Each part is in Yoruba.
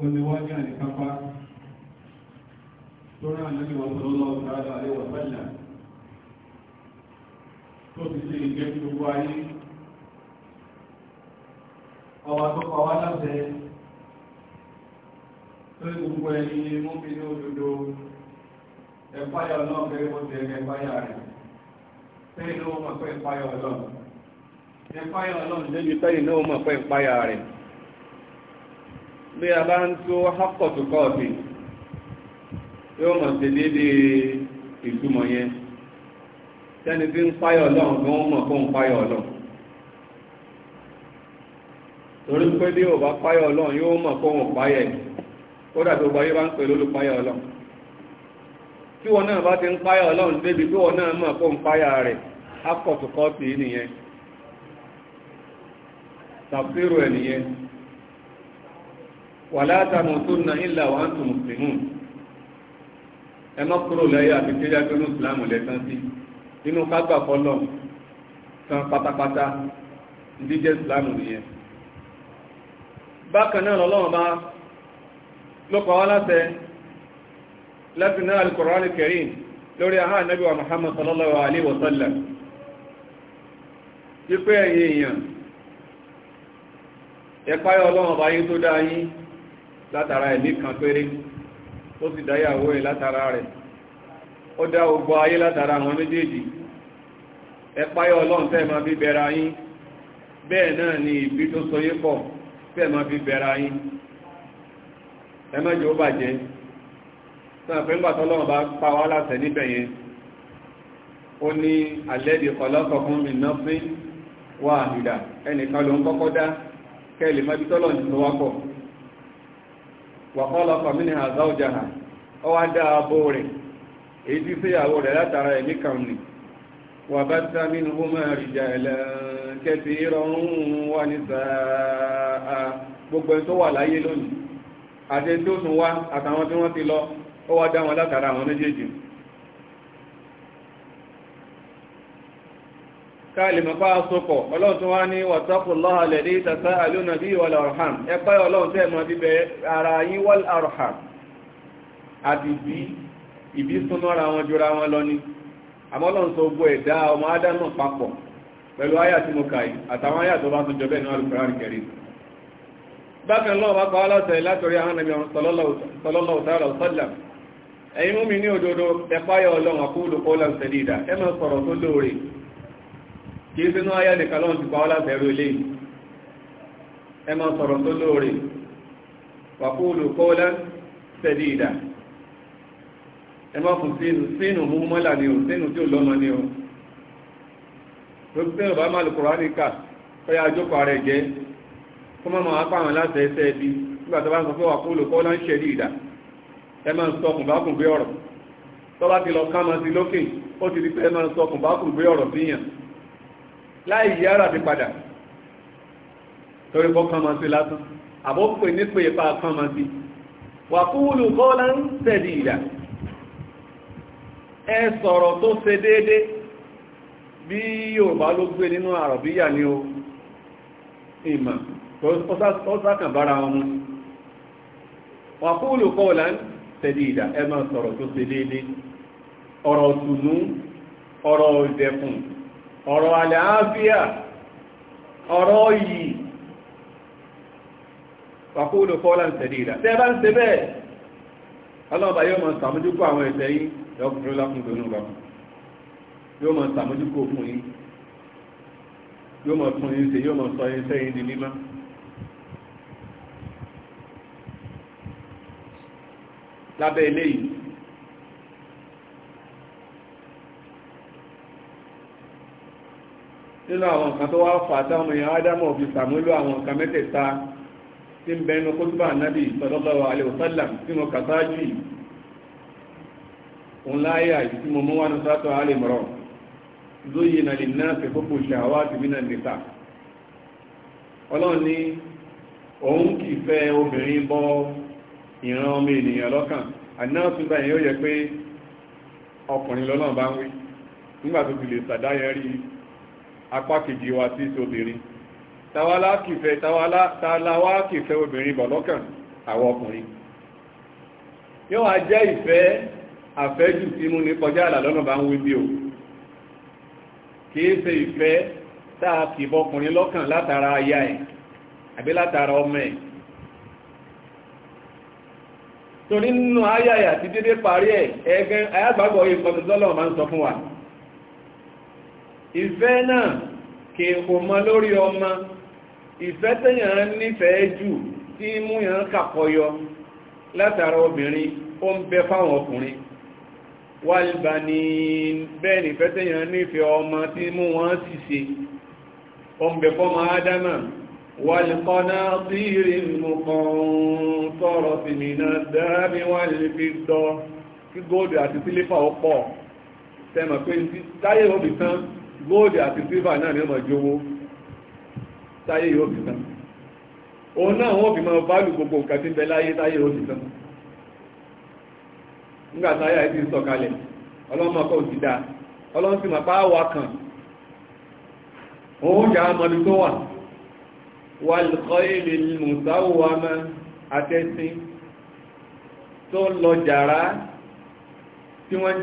oníwájú àìkápá tó rán àlẹ́bí wọn lọ́lọ́ ọ̀tàrà àríwọ̀ sẹ́lẹ̀ tó ti ṣe ìgbẹ́ gbogbo ayé ọwà tó pa wá láti tó gbogbo ẹ̀yìn mú mi ní òdodo ẹ̀páyà ọlọ́run kẹrẹ mọ́ ti ẹ̀rẹ̀ rẹ̀ náà mọ̀ ọlọ́run ọlọ́run náà mọ̀ rẹ̀ bí a bá ń tó hápọ̀tùkọ́ ọ̀bì yóò mọ̀ sí dédé ìtumọ̀ yẹn tẹ́ni tí ń páyọ̀ ọlọ́run tó ń mọ̀ fún ń páyọ̀ torí pé bí ò bá páyọ̀ ọlọ́run yóò mọ̀ fún òun páyẹ̀ kódà kpa ya bá ń pè tí wọn náà bá ti ń páyọ̀ ọlọ́run débi tí wọn náà mọ̀ fún wàlá tamutunna illa wa antum muslimun ẹ má kúrò láyé àti kéjá tó ní ìsìlámù lẹ́sán sí inú kágbà fọlọ́ tán pátápátá jíjẹ́ ìsìlámù nìyẹn bákan náà lọ́lọ́wọ́ bá ló pa wá láṣẹ láti náà al-Qur'an al-Karim lórí àhá Ànábì wa Muhammad sallallahu alaihi wa sallam wípé ẹ̀yìn èèyàn ẹ̀páyọ̀ ọlọ́wọ́ bá yí tó dáa yín látara ẹ̀mí kan péré ó sì dáyàwó ẹ̀ látara rẹ̀ ó dá ogbó ayé látara àwọn méjèèjì ẹ̀páyọ̀ ọlọ́run tẹ́ ma fi bẹ̀rẹ̀ yín bẹ́ẹ̀ náà ni ìbí tó sọ yín pọ̀ tẹ́ ma fi bẹ̀rẹ̀ yín ẹ má jẹ́ ó bàjẹ́ náà pé ńgbà tọ́lọ́run bá pa wá láṣẹ níbẹ̀ yẹn ó ní alẹ́dì ọlọ́kọ̀ọ́kún mi náà fún wàhídà ẹnìkan ló ń kọ́kọ́ dá kẹ́lì má bí tọ́lọ́run wá pọ̀ wàkọ́lọ́ fàmílì àzá ọjà hàn ọ wá dá abo rẹ̀ èyí tí síyàwó rẹ̀ látara ẹ̀mí kan nì wà bá tá nínú rọrùn wà ní sàá gbogbo ẹni tó wà láyé lónìí àti ẹni tó tún wá àtàwọn tí wọ́n ti lọ ó wá dá wọn látara àwọn méjèèjì káàlìmọ̀ pa sọ́pọ̀ ọlọ́run tó wá ní wàtàkùnlọ́ha lẹ̀dí tàtà àlúnà bí wà lọ́rọ̀hàn ẹpẹ́ ọlọ́run tẹ́ mọ́ bíbẹ̀ ara yín wà lọ́rọ̀hàn àti bí ìbí súnmọ́ra wọn jura wọn lọ ní àmọ́lọ́run tó gbọ́ ẹ̀dá ọmọ ádámọ̀ papọ̀ pẹ̀lú àyà tí mo kàí àtàwọn àyà tó bá tún jọ bẹ́ẹ̀ ní alùpùrán kẹrì bákan lọ́wọ́ bá pa aláṣẹ kìí sínú ayá nìkan lọ́n ti pàwọ́ látẹ̀rù ilé ẹ máa sọ̀rọ̀ tó lóore wàkúùlù kọ́ọ́lá tẹ̀lé ìdá ẹ fún sínú mú ni o sínú tí ó lọ́mọ ni o lókùtẹ́ ọ̀bá máa lùkùrọ̀ áníkà ọya àjókòó ààrẹ jẹ́ kó mọ́ máa pàwọn láti ẹsẹ́ ẹbí nígbà tó bá sọ pé wàkúùlù kọ́ọ́lá ń ṣẹ̀lé ìdá ẹ máa sọ kùnbákùn gbé ọ̀rọ̀ tó bá ti lọ ká máa ti lókè ó ti di pé ẹ máa sọ ọ̀rọ̀ síyàn láì yí ara padà torí kọ́ kán máa sí lásán àbọ̀ pè nípe ìpa máa sí wà kọ́lá ń ẹ sọ̀rọ̀ tó ṣe déédé bí Yorùbá ló gbé nínú àrọ̀bíyà ni o tó sákàn bára wọn mú wà kọ́lá ẹ máa sọ̀rọ̀ tó ṣe déédé ọ̀rọ̀ ọ̀rọ̀ àlàáfíà ọ̀rọ̀ yìí wàkúlù kọ́lá tẹ̀lélà tẹ́ bá ń ṣe bẹ́ẹ̀ ọlọ́ọ̀bá yóò mọ̀ sàmójúkú àwọn ẹ̀ṣẹ̀ yìí lọ́kùnrin lọ́kùnrin lónú bàbá yóò mọ̀ sàmójúkú nínú àwọn nǹkan tó wá fà táwọn èèyàn ádámọ̀ fi sàmúlò àwọn nǹkan mẹ́tẹ̀ẹ̀ta tí ń bẹnu kútùbà náàbì sallallahu alaihi wasallam tí mo kà sáájú yìí òun láyé àìsí tí mo mú wá ní sátọ̀ alìmọ̀rọ̀ lóyè nà lè náà fi fúnpù ṣàwá ti bí náà nìta ọlọ́run ní apá kejì wa tí sí obìnrin tàwálá kìfẹ́ tàwálá kìfẹ́ obìnrin bọ̀lọ́kàn àwọn ọkùnrin yóò wá jẹ́ ìfẹ́ àfẹ́jù tí mú ní kọjá àlà lọ́nà bá ń wí bí o kìí ṣe ìfẹ́ táà kìbọ ọkùnrin lọ́kàn látara aya ẹ̀ àbí látara ọmọ ẹ̀ torí nínú aya ẹ̀ àti dédé parí ẹ̀ ẹgbẹ́ ayágbàgbọ́ ìfọ̀tọ̀tọ́lọ̀ máa ń sọ fún wa ìfẹ́ náà kì kò mọ lórí ọmọ ìfẹ́ tẹ́yàn nífẹ̀ẹ́ jù tí mú yàn kàkọyọ látara obìnrin ó ń bẹ fáwọn ọkùnrin wàlìbà ni bẹ́ẹ̀ nífẹ́ tẹ́yàn nífẹ̀ẹ́ ọmọ tí mú wọn sì ṣe ó ń bẹ fọ́mọ ádámà wàlìkọ́nà tí rí mọ̀kàn tẹ́mọ̀ pé táyé obì tán gold àti náà ni ọmọ jówó táyé yóò fi tán òun náà wọ́n fi máa bálù gbogbo nǹkan tí ń táyé yóò fi tán nígbà táyà ẹ̀ sọ̀kalẹ̀ ọlọ́mọ kò sí dáa ma bá wà kàn òun jà tó wà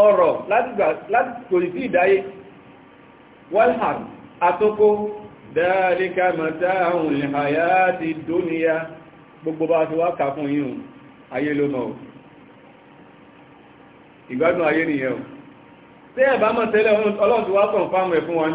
ọ̀rọ̀ látìkò ìsí ìdáyé walham àtòkò dáríká mọ̀tá àwọn ìhàyà ti gbogbo bá ti wá kà fún yíò ayé ló mọ̀ ìgbádùn ayé nìyẹn tí ẹ̀bá mọ̀ tẹ́lẹ̀ ọlọ́dún wá kàn fáwọn ẹ̀fún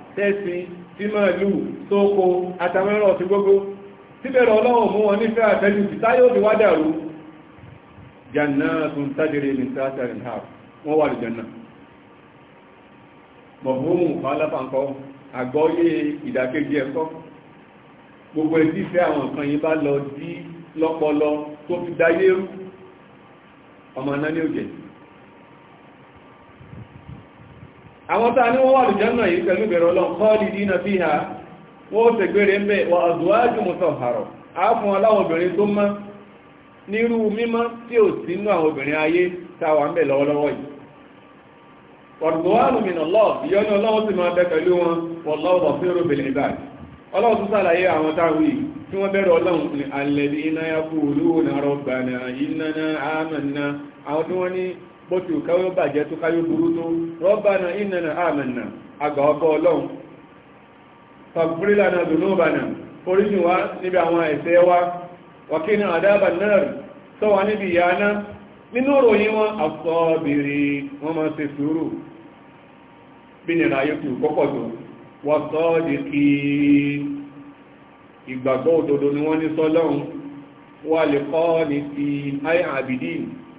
tẹ́sí tí máa lù tóko àtàmẹ́rọ ọ̀tí gbogbo síbẹ̀rẹ̀ ọlọ́wọ̀ mú wọn nífẹ́ àtẹ́lù tí táyé òdí wá dàrú jànà tún tajiri ní sáàtàrí ha wọ́n wà lùjànà mọ̀bùnmù fàálàfàǹkọ́ àgbọ́yé ìdàkejì ẹ̀kọ́ gbogbo ẹ̀sífẹ́ àwọn nǹkan yìí bá lọ dí lọ́pọlọ tó fi dayé rú ọmọ náà ní òjẹ̀ àwọn tàà ní wọ́n wà lù jẹ́nà yìí pẹ̀lú bẹ̀rẹ̀ ọlọ́run khalidina fiha wọ́n tẹ̀ gbére ń bẹ̀ wà azwaju mutahhara áfún aláwọn obìnrin tó mọ́ nírú mímọ́ tí ò sí inú àwọn obìnrin ayé táwà ń bẹ̀ lọ́wọ́lọ́wọ́ yìí bó ti káyó bàjẹ́ tó káyó burú tó rọ́bàna ìnana àmàna àgbà ọkọ̀ na fàgbúrílànà dùnúbànà oríjìnwá níbi àwọn ẹ̀ṣẹ̀ wa wàkínà àdábà náà sọ́wà níbi ìyáná nínú ròyìn wọn asọbiri wọn máa ṣe sùúrù bí nìra ayé kù kọ́kọ̀ ni wọ́n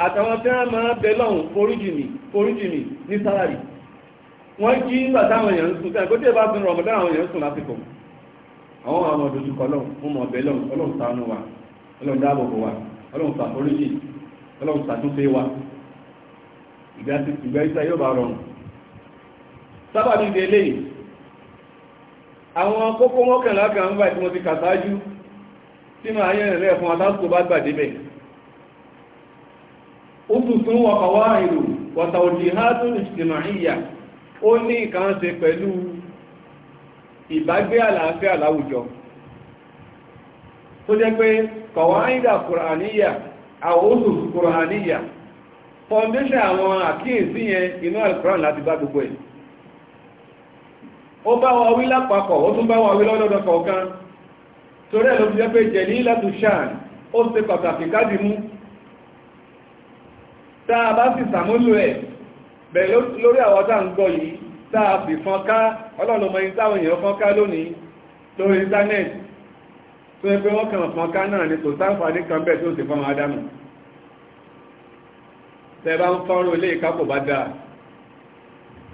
àtàwọn tí wọ́n máa bẹ lọ́hùn foríjìmì foríjìmì ní sálárì wọ́n jí nígbà táwọn èèyàn ń sùn tẹ́lẹ̀ kó tí ẹ bá sun rọ̀mọ̀dá àwọn èèyàn ń sùn lásìkò àwọn àwọn ọdọ̀dùkọ̀ lọ́hùn fún mọ̀ bẹ lọ́hùn ọlọ́hùn ṣàánú wa ọlọ́hùn dáàbòbò wa ọlọ́hùn ṣàforíjì ọlọ́hùn ṣàtúnṣe wa ìgbà ìsá yóò bá rọrùn sábà ní ilé yìí àwọn kókó mọ́kànlá kan ń bá ìtumọ̀ ti kàtájú sínú ayẹ́rẹ̀ rẹ̀ fún atásùkò أسس وقواعد وتوجيهات اجتماعية ó ní nǹkan ṣe pẹ̀lú ìbágbé àlàáfíà láwùjọ tó jẹ́ pé kọ̀wáìdà kùràníyà àwọn òṣùsù kùràníyà foundation àwọn àkíyèsí yẹn inú alkùrán láti bá gbogbo ẹ̀ ó bá wa wí lápapọ̀ ó tún bá wa wí lọ́dọ̀dọ̀ táa bá sì sàmúlò ẹ̀ bẹ̀ lórí àwọ́ta ń gọ́ yìí táa fi fọ́n ká ọlọ́lọ́mọ yìí táwọn èèyàn fọ́n ká lónìí lórí íńtánẹ́ẹ̀tì tó yẹ pé wọ́n kàn fọ́n ká náà ni kò sáǹfààní kan bẹ́ẹ̀ tó sì fọ́n adámù tẹ́ bá ń fọ́nrún ilé ìká kò bá dáa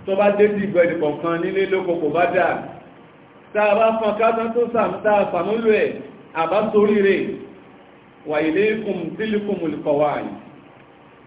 tó bá dé sí ìgbẹ̀dì kọ̀ọ̀kan nílé lóko kò bá dáa táa bá fọ́n ká tán tó sàmúta sàmúlò ẹ̀ àbá sórí rẹ̀ wà ilé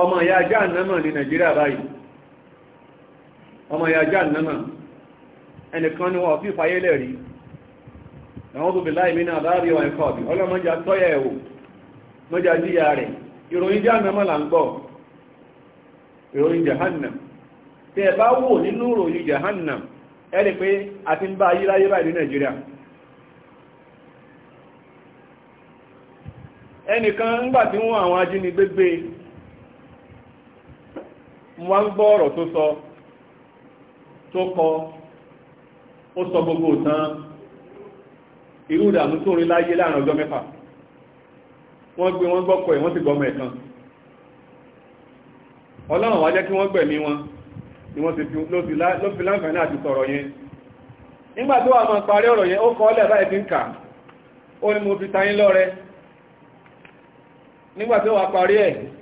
ọmọ ìyá jáànámà ní nàìjíríà báyìí ọmọ ìyá jáànámà ẹnìkan ni wọ́n fi fayélẹ̀ rí àwọn tó bèèrè láìmí náà bá wọn ẹ̀kọ́ bí ọlọ́mọjá tọ́yẹ̀ ẹ̀wò mọ́já díyà rẹ̀ ìròyìn jáànámà là ń gbọ́ ìròyìn jahannam tí ẹ bá nínú ìròyìn a ti ń ní tí wọ́n àwọn Nwa wá ń gbọ́ ọ̀rọ̀ tó sọ tó kọ ó sọ gbogbo tán irú ìdààmú tó rí láyé láàrin ọjọ́ mẹ́fà wọ́n gbé wọ́n gbọ́kọ̀ ẹ̀ wọ́n ti gbọ́mọ̀ ẹ̀kan ọlọ́run wá jẹ́ kí wọ́n gbẹ̀mí wọn ni wọ́n ti fi láǹfààní àti sọ̀rọ̀ yẹn yẹn mo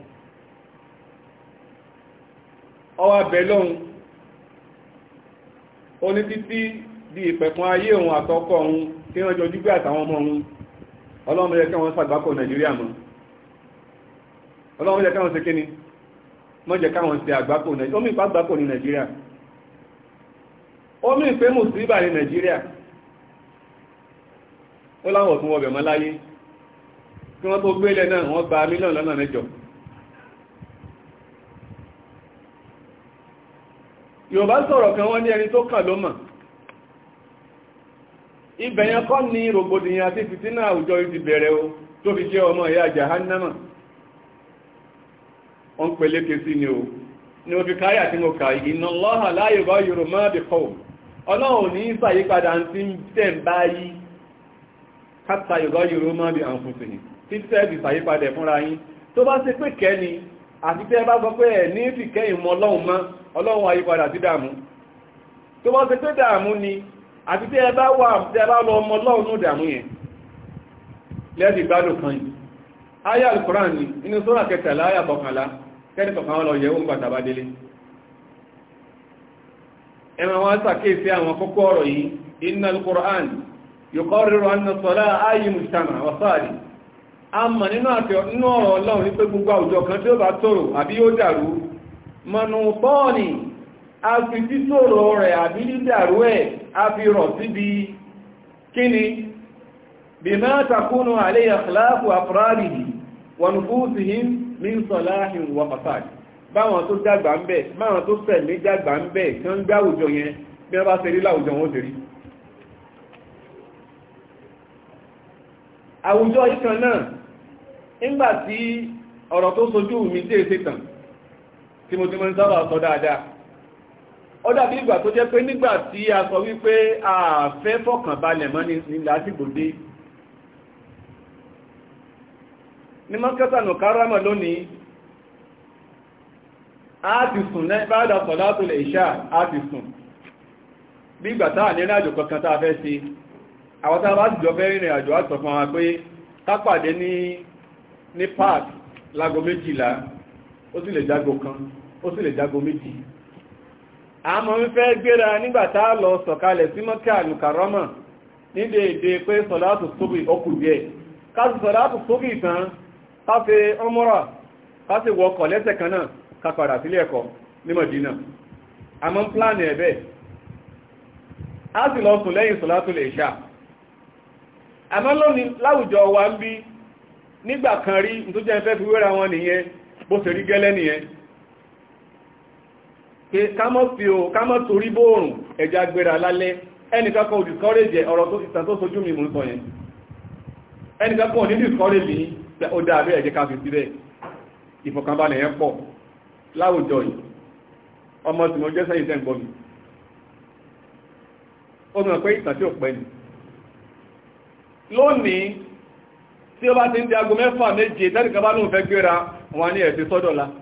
ọwá bẹ̀ lóhun ó ní títí di ìpẹ̀kún ayé òun àtọkọ òun tí wọ́n jọ jígbé àtàwọn ọmọ òun ọlọ́run yẹ kí wọ́n ṣàgbákò nàìjíríà mọ́ ọlọ́run yẹ kí wọ́n ṣe kí ni mọ́ jẹ́ káwọn ṣe àgbákò nàìjíríà omi ìpá àgbákò ní nàìjíríà omi ìpé mùsùlùmí ní nàìjíríà ó láwọn òtún wọbẹ̀ mọ́ láyé kí wọ́n tó gbélẹ̀ náà wọ́n gba mílíọ̀nù lọ́nà mẹ́jọ yoruba sọ̀rọ̀ kan wọ́n ní ẹni tó kàn ló mọ̀ ibẹ̀yẹn kọ́ ní rògbòdìyàn àti fìtínà àwùjọ ti bẹ̀rẹ̀ o tó fi jẹ́ ọmọ ìyá jahannama wọ́n ni o ni o fi káyà tí mo kà iná lọ́hà láyé yòrò máa bí kọ́ ọlọ́run ní ìsàyípadà ọlọ́run àyípadà sí dààmú tó wọ́n ṣe pé dààmú ni àti tí ẹ bá wà tí ẹ bá lọ ọmọ ọlọ́run ní dààmú yẹn lẹ́ẹ̀dì ìgbádùn kan yìí ayé alukuran ni inú sọ́nà kẹtàlá ayé àkọkànlá kẹ́ni kọ̀kan wọn lọ yẹ̀ wọ́n gbàtàbá délé ẹmọ wọn sàkéèsí àwọn kókó nínú ọ̀rọ̀ ọlọ́run ní pé gbogbo àwùjọ kan tí ó bá tòrò àbí yóò dàrú mọ̀nùtọ́ọ̀nì a fi títòrò rẹ̀ àbí dídàrú ẹ̀ a fi rọ̀ síbi kíni bí máa takúnù àléyà kìláàfù àfúrárìdì wọn fúúsìhìn ní sọláhìn wà pàtàkì báwọn tó dàgbà ń bẹ̀ máwọn tó sẹ̀mí dàgbà bá wọn tó sojú mi dé ṣe tàn tí mo ti mọ́ sọ dáadáa ó dàbí ìgbà tó jẹ́ pé nígbà tí a sọ wípé a fẹ́ fọkànbalẹ̀ mọ́ ní dé ní mọ́kẹ́sànù káràmà lónìí a ti sùn báyàdà sọ̀lá tó a ti sùn bí ìgbà táà ní ìrìnàjò kankan tá a fẹ́ ṣe àwọn tá a bá jọ fẹ́ rìnrìn ó sì lè jágo méjì àmọ́ wífẹ́ gbéra nígbàtá lọ sọ̀kalẹ̀ sí mọ́kà àlùkàrọ́mà ní dèédé pé sọ̀látù sóbì ọkù díẹ̀ káàsì sọ̀látù sóbì tán káfẹ́ ọmọ́rà káàsì wọkọ̀ lẹ́sẹ̀ kan náà kápadà sílé ẹ̀kọ́ ní Mọ̀dínà àmọ́ pláàni ẹ̀bẹ́ a sì lọ sùn lẹ́yìn sọ̀látù lè ṣà àmọ́ lónìí láwùjọ wa ń bí nígbà kan rí nítorí fi wéra wọn nìyẹn bó ṣe kámọ́ fi o kámọ́ torí bóòrùn ẹja gbéra lálẹ́ ẹnìkankan ò discourage ọ̀rọ̀ tó ìtàn tó sojú mi mú sọ yẹn ẹnìkankan ò ní discourage ní ó dá abẹ́ ẹ̀jẹ́ ká fi sílẹ̀ ìfọ̀kànbalẹ̀ yẹn pọ̀ láwùjọ yìí ọmọ tí mo jẹ́ sẹ́yìn tẹ́ ń gbọ́ mi ó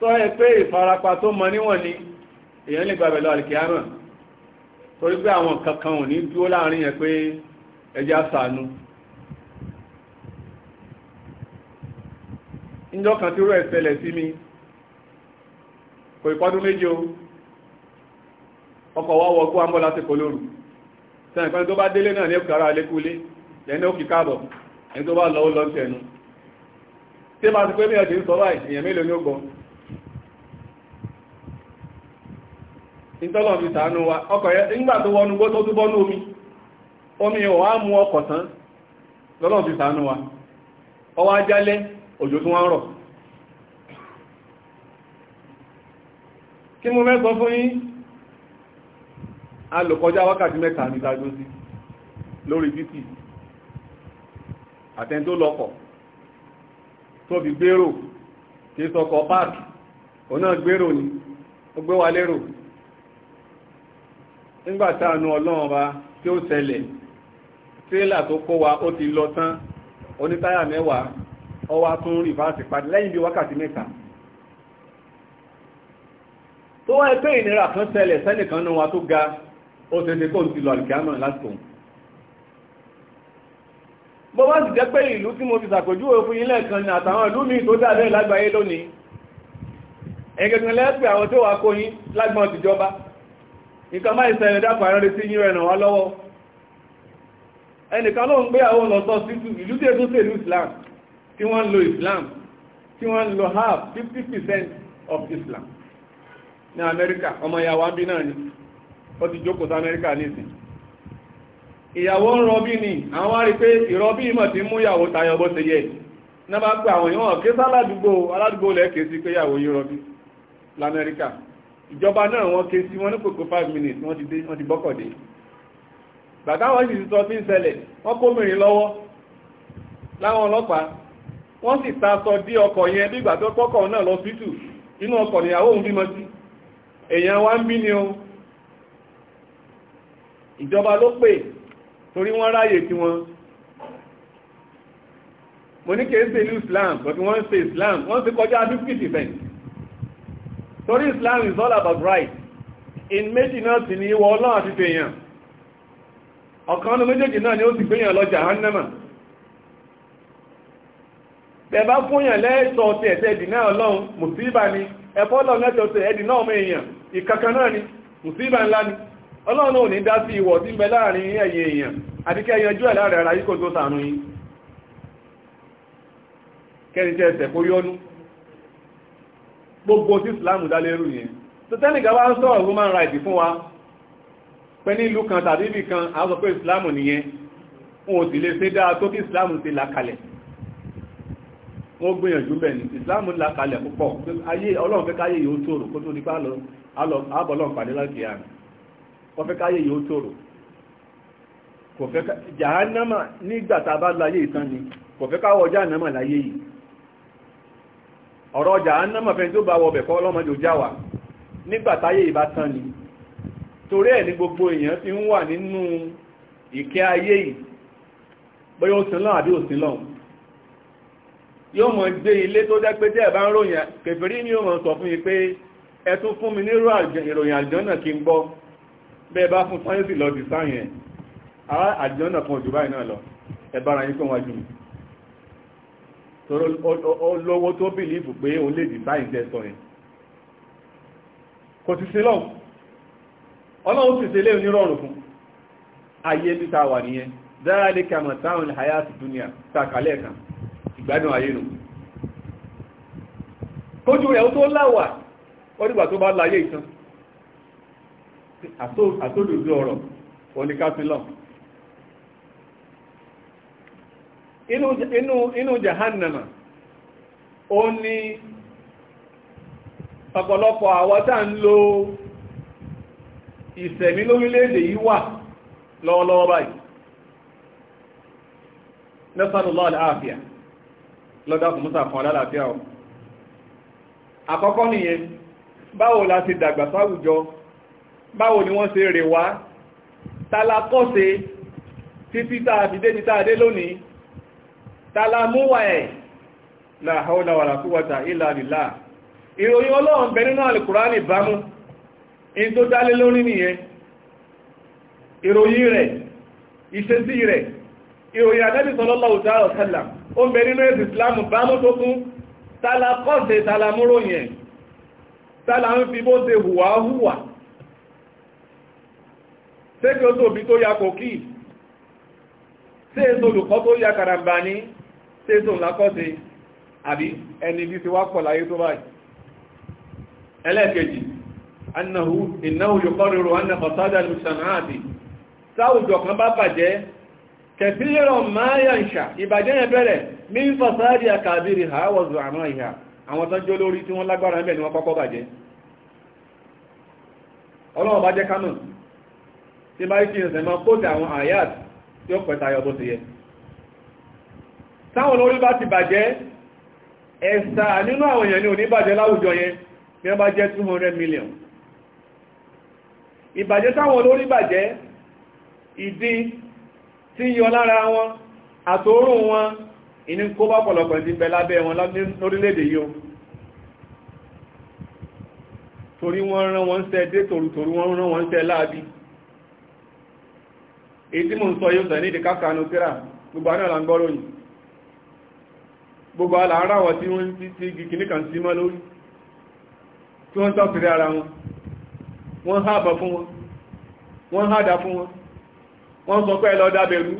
sọ ẹ pé ìfarapa tó mọ níwọ̀n ni èèyàn lè gbà lọ àlìkìyàmọ̀ torí pé àwọn kankan ò ní pé tí ó rẹ̀ ṣẹlẹ̀ sí mi kò ìpọ́dún o ọkọ̀ kó láti tó bá délé náà ní ó kì káàbọ̀ ẹni tó bá lọ́wọ́ tí bá ti pé mẹ́ẹ̀dì ń sọ báyìí èèyàn mélòó ní ó gbọ́n nítọ́lọ̀ mi sàánú wa ọkọ̀ yẹ nígbà tó wọnú gbó tó túbọ́ ní omi omi ọ̀wá mú ọkọ̀ tán lọ́lọ́ fi sàánú wa ọwá jálẹ̀ òjò tún wá ń rọ̀ kí mo mẹ́sọ fún yín a kọjá wákàtí mẹ́ta ní dájú sí lórí títì àtẹn tó lọ́kọ̀ tó fi gbérò kí sọkọ̀ páàkì òun náà gbérò ni ó gbé wa lérò nígbàtàánú ọlọ́run wa tí ó ṣẹlẹ̀ tírélà tó kó wa ó ti lọ tán onítáyà mẹ́wàá ọwá tún rí fásitì padà lẹ́yìn bí wákàtí mẹ́ta tó wáyé pé ìnira kan ṣẹlẹ̀ sẹ́nìkan náà wa tó ga ó ṣeṣe kó ti lọ àlùkìámọ̀ lásìkò bó wá sì jẹ́ pé ìlú tí mo fi ṣàpèjúwe fún yín lẹ́ẹ̀kan ni àtàwọn ìlú míì tó dáadẹ́ lágbàáyé lónìí ẹgbẹ̀gbẹ̀ lẹ́pẹ̀ àwọn tó wà kóyín lágbọ́n tìjọba nǹkan máa ìṣẹ̀lẹ̀ dápàá rẹ̀ sí yín rẹ̀nà wá lọ́wọ́ ẹnìkan ló ń gbé àwọn ọlọ́tọ́ títù ìlú tí ètò sèlú Islam tí wọ́n lo Islam tí wọ́n lo half percent of Islam ní ọmọ ìyàwó náà ni ó ti jókòó sí Amẹ́ríkà nísìn ìyàwó ń rọbí ni àwọn wá rí pé ìrọbí ìmọ̀ ti mú ìyàwó tayọ bó ṣe yẹ náà bá àwọn ìwọ̀n kí lẹ́ẹ̀kẹ́ ìjọba náà wọ́n ké sí wọn ní kòkó 5 minutes wọ́n ti bọ́kọ̀dé bàtà wọ́n sì sọ bí ń ṣẹlẹ̀ wọ́n kó mìírin lọ́wọ́ láwọn ọlọ́pàá wọ́n sì ta sọ dí ọkọ̀ yẹn bí ìgbà tó pọ́kọ̀ náà lọ sítù inú ọkọ̀ níyàwó òun bímọ sí èèyàn wá ń bí ni o ìjọba ló pè torí wọ́n ráyè tí wọn mo ní kèé ṣe ìlú Islam but wọ́n ń ṣe Islam wọ́n ti kọjá dúkìtì fẹ̀yìn torí Islam is all about right in méjì náà sì ní ìwọ ọlọ́run àti tèèyàn ọ̀kan ọdún méjèèjì náà ni ó sì gbéyàn lọ Jahannama bẹ̀bá fúnyàn lẹ́ẹ̀tọ́ ti ẹ̀tẹ́ ẹ̀dì náà ọlọ́run mùsíbà ni ẹ̀fọ́ ọlọ́run lẹ́ẹ̀tọ́ ti ẹ̀dì náà ọmọ èèyàn ìkankan náà ni mùsíbà ńlá ni ọlọ́run ò ní dá sí ìwọ̀ tí ń bẹ láàrin ẹ̀yìn ara tó sànú yín kẹ́ni tẹ́ gbogbo tí islamu dálérú yẹn tó tẹ́nìkà wá ń sọ̀rọ̀ human rights fún wa pé ní ìlú kan tàbí ibì kan a sọ pé islamu nìyẹn wọn ò sì lè ṣe dáa tó kí islamu ti làkalẹ̀ wọ́n gbìyànjú bẹ̀ ní islamu làkalẹ̀ púpọ̀ ayé ọlọ́run fẹ́ káyé yóò tòrò kó tó nípa àbọ̀lọ́run pàdé láti àná wọ́n fẹ́ káyé yóò tòrò kò fẹ́ jahannama nígbà tá a bá láyé ìtàn ni kò fẹ́ káwọ́ jahannama láyé ọ̀rọ̀ ọjà anámọ̀fẹ́ tó bá wọ bẹ̀kọ́ ọlọ́mọdé ò já wa nígbà táyé ìbá tán ni torí ẹ̀ ní gbogbo èèyàn ti ń wà nínú ìkẹ́ ayé yìí bóyá òsìn lọ́n àbí òsìn lọ́n yóò mọ̀ gbé ilé tó jẹ́ pé tí ẹ̀ bá ń ròyìn kèfèrí ni yóò mọ̀ sọ fún mi pé ẹ tún fún mi nírò ìròyìn àjọ́nà kí n gbọ́ bẹ́ẹ̀ bá fún sáyẹ́sì lọ dì sáyẹn àjọ́nà kan jù báyìí náà lọ ẹ bára yín kó wájú mi tọrọ olówó tó bìlífù pé òun lè dì báyìí jẹ́ sọ kò ti sí lọ́wọ́ ọlọ́run sì sí ilé onírọ̀rùn fún ayé bí ta wà nìyẹn dára lè kàmọ̀ táwọn hayat dunia takalẹ̀ kan ìgbádùn ayé nù kójú rẹ̀ tó láwà ọdígbà tó bá láyé ìtàn àtòlùdú ọ̀rọ̀ oníkásílọ̀ inú jahannama ó ní ọ̀pọ̀lọpọ̀ àwọn tá ń lo ìsẹ̀mí lórílẹ̀-èdè yìí wà lọ́wọ́lọ́wọ́ báyìí nasallallahu al'afiya lọ́dá fún musa kan lálàáfíà ọ̀ àkọ́kọ́ nìyẹn báwo la ti dàgbà sáwùjọ báwo ni wọ́n ṣe rè wá tálakọ́ṣe títí tàà fi lónìí tàlàmúwà ẹ̀ la hawla wala quwwata illa billah ìròyìn ọlọ́run bẹ nínú alìkùránì bámú in tó dálé lórí nìyẹn ìròyìn rẹ̀ ìṣesí rẹ̀ ìròyìn ànábì sallallahu ta'ala wa sallam ó bẹ nínú èsì islamu bámú tó kún tàlàkọ́sẹ̀ tàlàmúròyìn tàlà ń fi bó ṣe hùwà ya kòkí ṣé èso olùkọ́ tó ya kàràmbà ní tẹ́sùn lákọ́sí àbí ẹni bí ti wá pọ̀ láyé tó báyìí ẹlẹ́ẹ̀kejì annahu innahu yuqarriru anna fasada al-mujtama'ati sáwùjọ kan bá bàjẹ́ kathiran ma yansha bẹ̀rẹ̀ min fasadi akabiriha wa zu'ama'iha àwọn ni bá táwọn olórí bá ti bàjẹ́ ẹ̀sà nínú àwọn èèyàn ní oníbàjẹ́ láwùjọ yẹn bí wọ́n bá jẹ́ 200 million ìbàjẹ́ táwọn olórí bàjẹ́ ìdín tí yọ lára wọn àtòórùn wọn ìní kó bá pọ̀lọpọ̀ ti bẹ lábẹ́ wọn lórílẹ̀-èdè yóò torí wọ́n rán wọn ṣẹ́ dé torùtorù wọ́n rán wọn ṣẹ́ láàbí èyí tí mo ń sọ yóò sẹ̀ ní ìdíkà tíra gbogbo àná àlàǹgbọ́ròyìn gbogbo alára wọn tí wọ́n ti ti gìkì níkan sí mọ́ lórí tí wọ́n sọ́fẹ́rẹ́ ara wọn wọ́n hábọ̀ fún wọn wọ́n hádà fún wọn wọ́n sọ pé ẹlọ́dá bẹ̀rú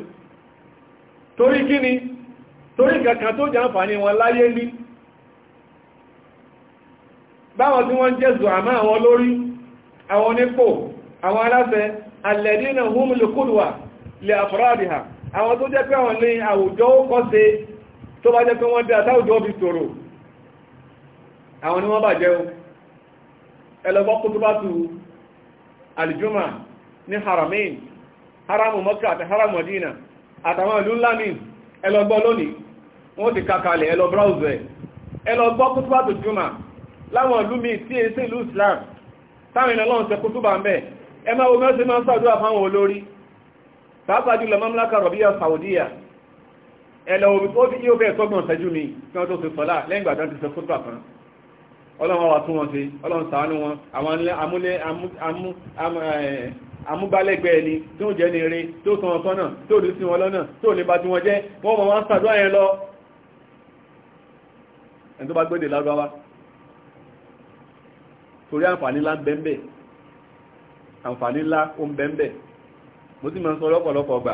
torí kí ni torí kankan tó jẹ́ àǹfààní wọn láyé ní báwọn tí wọ́n jẹ́ zùhámà àwọn olórí àwọn onípò àwọn aláṣẹ alẹ́dínà húnmùlùkúdùwà lè àfọ́rọ̀ àdìhà àwọn tó jẹ́ pé àwọn ní àwùjọ ó kọ́ se tó bá jẹ́ pé wọ́n dá táwùjọ bí tòrò àwọn ni wọ́n bà jẹ́ ẹlọ́gbọ́ kútúbátù aljuma ní haramain haramu Mọ́kà àti haramu Madina àtàwọn ìlú ńlá ní ẹlọ́gbọ́ lónìí wọ́n ti kakalẹ̀ ẹlọ́ browse ẹlọ́gbọ́ kútúbátù juma láwọn ìlú mi tí èsì ìlú Islam táwọn ìrìnlọ́n ṣe kútúbà ń bẹ̀ ẹ máa wo ẹlọ omi tó bí yóò bẹ́ẹ̀ sọ́gbọ̀n ṣẹ́jú mi kí wọ́n tó fi sọ́lá lẹ́yìn ìgbà tó ti sọ fúnpà kan ọlọ́run wa tún wọn ṣe ọlọ́run ṣàánú wọn àwọn amúlé amúgbálẹ́gbẹ̀ẹ́ ni tó jẹ́ ní eré tó sọ wọn sọ́nà tó lè sí wọn lọ́nà tó lè bá tí wọ́n jẹ́ wọ́n mọ̀ wọ́n ṣàdúrà yẹn lọ ẹni tó bá gbédè lárúbáwá torí àǹfààní ńlá ń bẹ́ńbẹ́ àǹfààní ńlá ó ń bẹ́ńbẹ́ mo sì máa ń sọ lọ́pọ̀lọpọ̀ ọgbà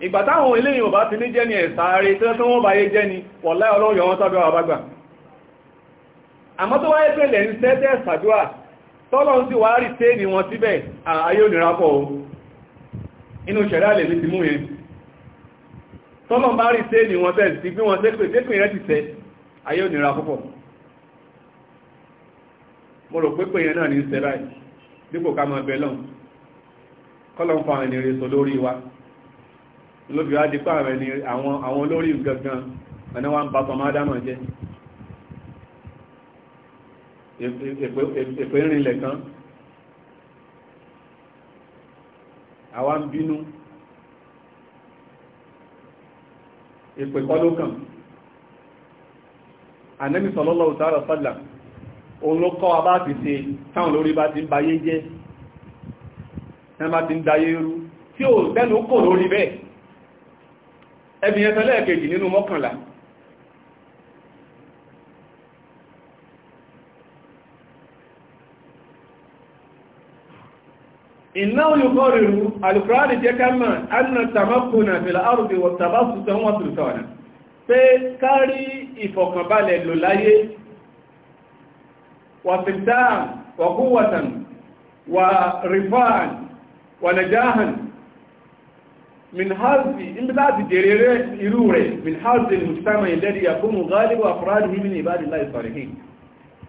ìgbà táwọn eléyìn ò bá ti ní jẹ́ ni ẹ̀sàárẹ̀ tí wọ́n bá yé jẹ́ ni wọ̀lá ọlọ́run yọ wọ́n sábẹ́ wà bá gbà àmọ́ tó wáyé pẹ̀lẹ̀ ń tẹ́tẹ́ ṣàdúà tọ́lọ́run sì wá rí tẹ́ ni wọ́n síbẹ̀ ayé onírápọ̀ o inú ṣẹ̀rẹ́ àlè ní ti mú yẹn tọ́lọ́run bá rí tẹ́ ni wọ́n tẹ́ sí bí wọ́n tẹ́pẹ̀ tẹ́pẹ̀ rẹ̀ ti tẹ́ ayé onírà púpọ̀ mo rò pé pẹ̀yẹn náà ní ń fa ìrìnrìn sọ lórí wa olóbi wá dípá rẹ̀ ni àwọn olórí gangan ẹ̀nà wá ń bá tọmọ ádámọ̀ jẹ́ èpè rinlẹ̀ kan àwa ń bínú èpè kọ́ ló kàn ànẹ́bì sallallahu ta'ala sallam òun ló kọ́ abá ti ṣe táwọn lórí bá ti ń bayé jẹ́ tán bá ti ń dayé rú tí ò tẹ́nu kò lórí bẹ́ẹ̀ ẹbí yẹn tẹ́lẹ̀ kejì nínú mọ́kànlá iná olùkọ́ rírú alùkùránì jẹ́ kánmà annà tamakuna fìlà arùbí wọ tàbásù tán wọ́n tùrùtà wọ̀nà pé kárí ìfọ̀kànbalẹ̀ lò láyé wàfìtàn wàkúwàtàn wà rìfàn wà nàjáhàn minhazi ibi láti jèrèrè irú rẹ̀ minhazi mùsùlùmí ìlẹ́dí àkómù gáàlìwà fúrádì hìmìnì ìbádìlá ìfàríhìn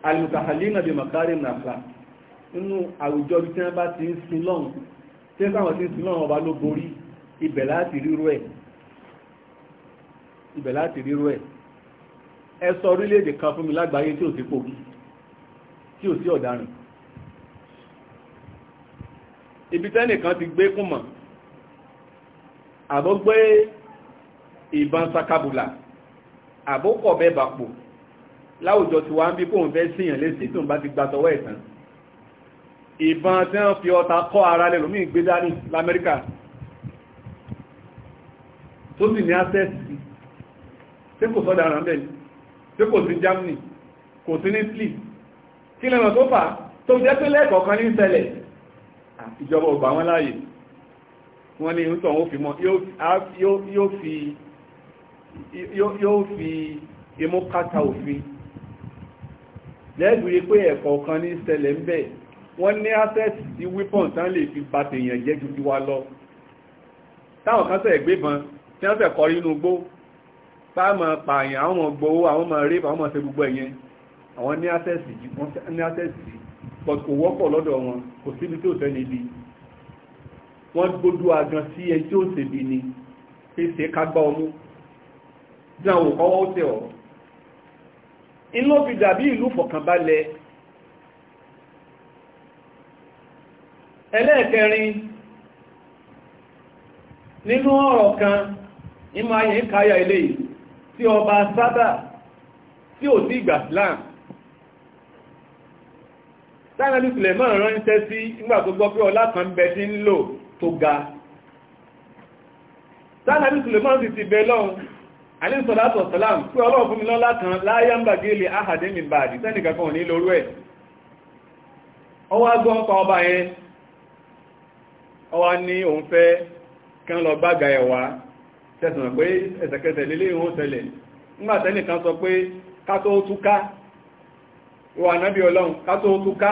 alìmùsàhàlìnà bí makari nàfà nínú àwùjọ bí tí wọ́n bá ti ń sin lọ́n tí wọ́n ti ń sin lọ́n ọba ló borí ibẹ̀ láti rírú ẹ̀ ibẹ̀ láti rírú ẹ̀ ẹ sọ orílẹ̀-èdè kan fún mi lágbàáyé tí ò sí pòkì tí ò sí ọ̀daràn ibi tẹ́nìkan ti gbé kùmọ̀ àbó gbé ìbọn sakabula àbó kọ̀ bẹ́ẹ̀ bàpò láwùjọ tí wá ń bí kóhùn fẹ́ síyàn lé sí tóun bá ti gba tọwọ́ ẹ̀tàn ìbọn tí wọ́n fi ọta kọ́ ara lẹ́nu mí gbé dání lamẹ́ríkà tó sì ní access tí kò sọ́dá ara mẹ́lì tí kò sí Germany kò sí ní Italy kí lẹ́nà tó fà tó jẹ́ pé lẹ́ẹ̀kọ̀ọ̀kan ní ṣẹlẹ̀ ìjọba ò wọ́n ní ìtọ̀ ó fi mọ́ yóò fi imú kátà òfin lẹ́gbìí pé ẹ̀kọ̀ kan ní ṣẹlẹ̀ ń bẹ̀ wọ́n ní assets sí weapon tán lè fi bà tèèyàn jẹ́ ju ti wa lọ táwọn kan ṣe gbébọn tí wọ́n fẹ́ kọrí inú igbó táàmà pààyàn àwọn ọmọ gbowó àwọn ọmọ rape àwọn ọmọ ṣe gbogbo ẹ̀yẹn àwọn ní assets sí wọ́n ní assets sí but kò wọ́pọ̀ lọ́dọ̀ wọn kò síbi tí ò sẹ́ni bíi wọ́n gbójú àgàn sí ẹ tí ó ṣe bí ni pèsè kágbá ọmú dáwọn òkọwọ́ ó tẹ̀ ọ́ inú fi dàbí ìlú fọ̀kànbalẹ̀ ẹlẹ́ẹ̀kẹrin nínú ọ̀rọ̀ kan ìmọ̀ ayé ń káyà ilé yìí tí ọba sábà tí ò sí ìgbà islam sáàrẹ́lú Suleiman ránṣẹ́ sí ìgbà tó gbọ́ pé ọlá kan bẹ tí ń lò tó ga sanabi suleiman sì ti bẹ̀ẹ́ lọ́hun alẹ́sọ̀látọ̀ salam pé ọlọ́run fún mi lọ́lá kan láyá ń bàgélé ahàdẹ́mì bàdì sẹ́nìkankan ní lórú ẹ̀ ọwá agbọ́n pa ọba yẹn ọwá ní òun fẹ́ kán lọ gbága ẹ̀wà tẹ́sàn pé ẹsẹ̀kẹsẹ̀ tẹ́lẹ̀ sọ pé túká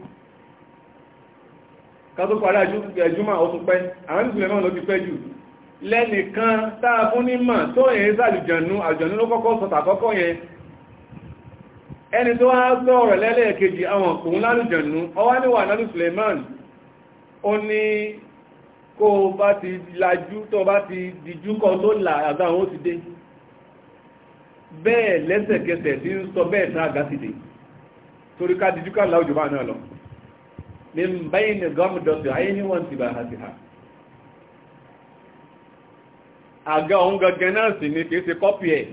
kátó parí ẹjúmọ̀ ó tún pẹ́ àwọn ìpìlẹ̀ náà ló ti pẹ́ jù lẹ́nìkan táa fún ní mọ̀ tó yẹn sàlùjànú àjọ̀nú ló kọ́kọ́ sọ̀tà kọ́kọ́ yẹn ẹni tó wá sọ̀rọ̀ lẹ́lẹ́ẹ̀kejì àwọn òun lálùjànú ọwá níwà nálù Suleiman ó ní kó bá ti lajú tó bá ti dijú kọ tó là àgbàwọn ó ti dé bẹ́ẹ̀ lẹ́sẹ̀kẹsẹ̀ tí ń sọ bẹ́ẹ̀ tá àgá ti dé torí ká dijú ká láwùjọ bá náà lọ min bayni gọ́mìdọ̀tì ayéhìn wọn ti bá ha ti ha àga òun gangan náà sì ni kìí ṣe kọ́pì ẹ̀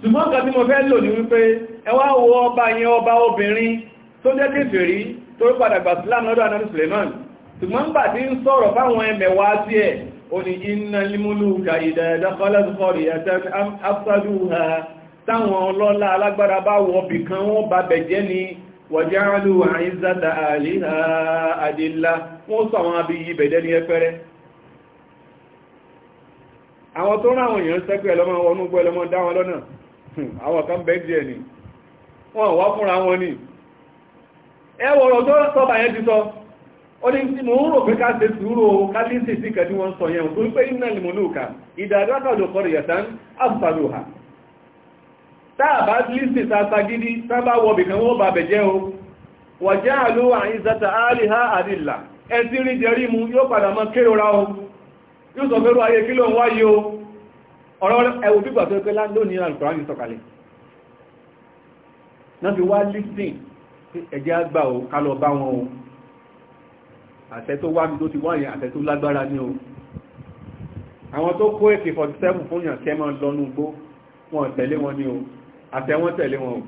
ṣùgbọ́n kan tí mo fẹ́ lò ní wípé ẹ wá wo ọba yẹn ọba obìnrin tó jẹ́ kéfèrí tó rí padà gbà sílá lọ́dọ̀ anábì Suleiman ṣùgbọ́n gbà tí ń sọ̀rọ̀ fáwọn ẹmẹ̀wà sí ẹ̀ ó ní iná límúlùkà ìdàdàkọ́lẹ́sọ̀rì àti afsàdúhà táwọn ọlọ́lá alágbára bá wọ́n bìkan wọ́n ni wàjáàlù àìzàtà àìlà àdìlá wọ́n sọ àwọn abí ibẹ̀dẹ́ ní ẹfẹ́rẹ́ àwọn tó rán àwọn èèyàn sẹ́pẹ̀ lọ́mọ gbọ́ lọ́mọ dá wọn lọ́nà hmm, àwọn kan bẹ́ẹ̀ díẹ̀ ni wọ́n wá fúnra wọn ni ẹwọ̀rọ̀ tó ti sọ ó ní tí mo ń rò pé ká ṣe sí kẹ́ tí wọ́n sọ yẹn tó ń táàbá lísì sàtàgídí sábà wọ̀bì kan wọ́n bà bẹ̀jẹ́ o wà já àlú àìzàtà àríhá àdìlà ẹtí rí jẹrí mú yóò padà mọ́ kérora o yóò sọ fẹ́rú ayé kí ló ń wáyé o ọ̀rọ̀ ẹwù bígbà tó pẹ́ láńdó ní alùpùránì sọ̀kalẹ̀ náà fi wá lísìn ẹjẹ́ àgbà o kálọ bá wọn o àṣẹ tó wá mi tó ti wáyé àṣẹ tẹ̀lé wọn ní o àtẹ̀wọ́n tẹ̀lé wọn o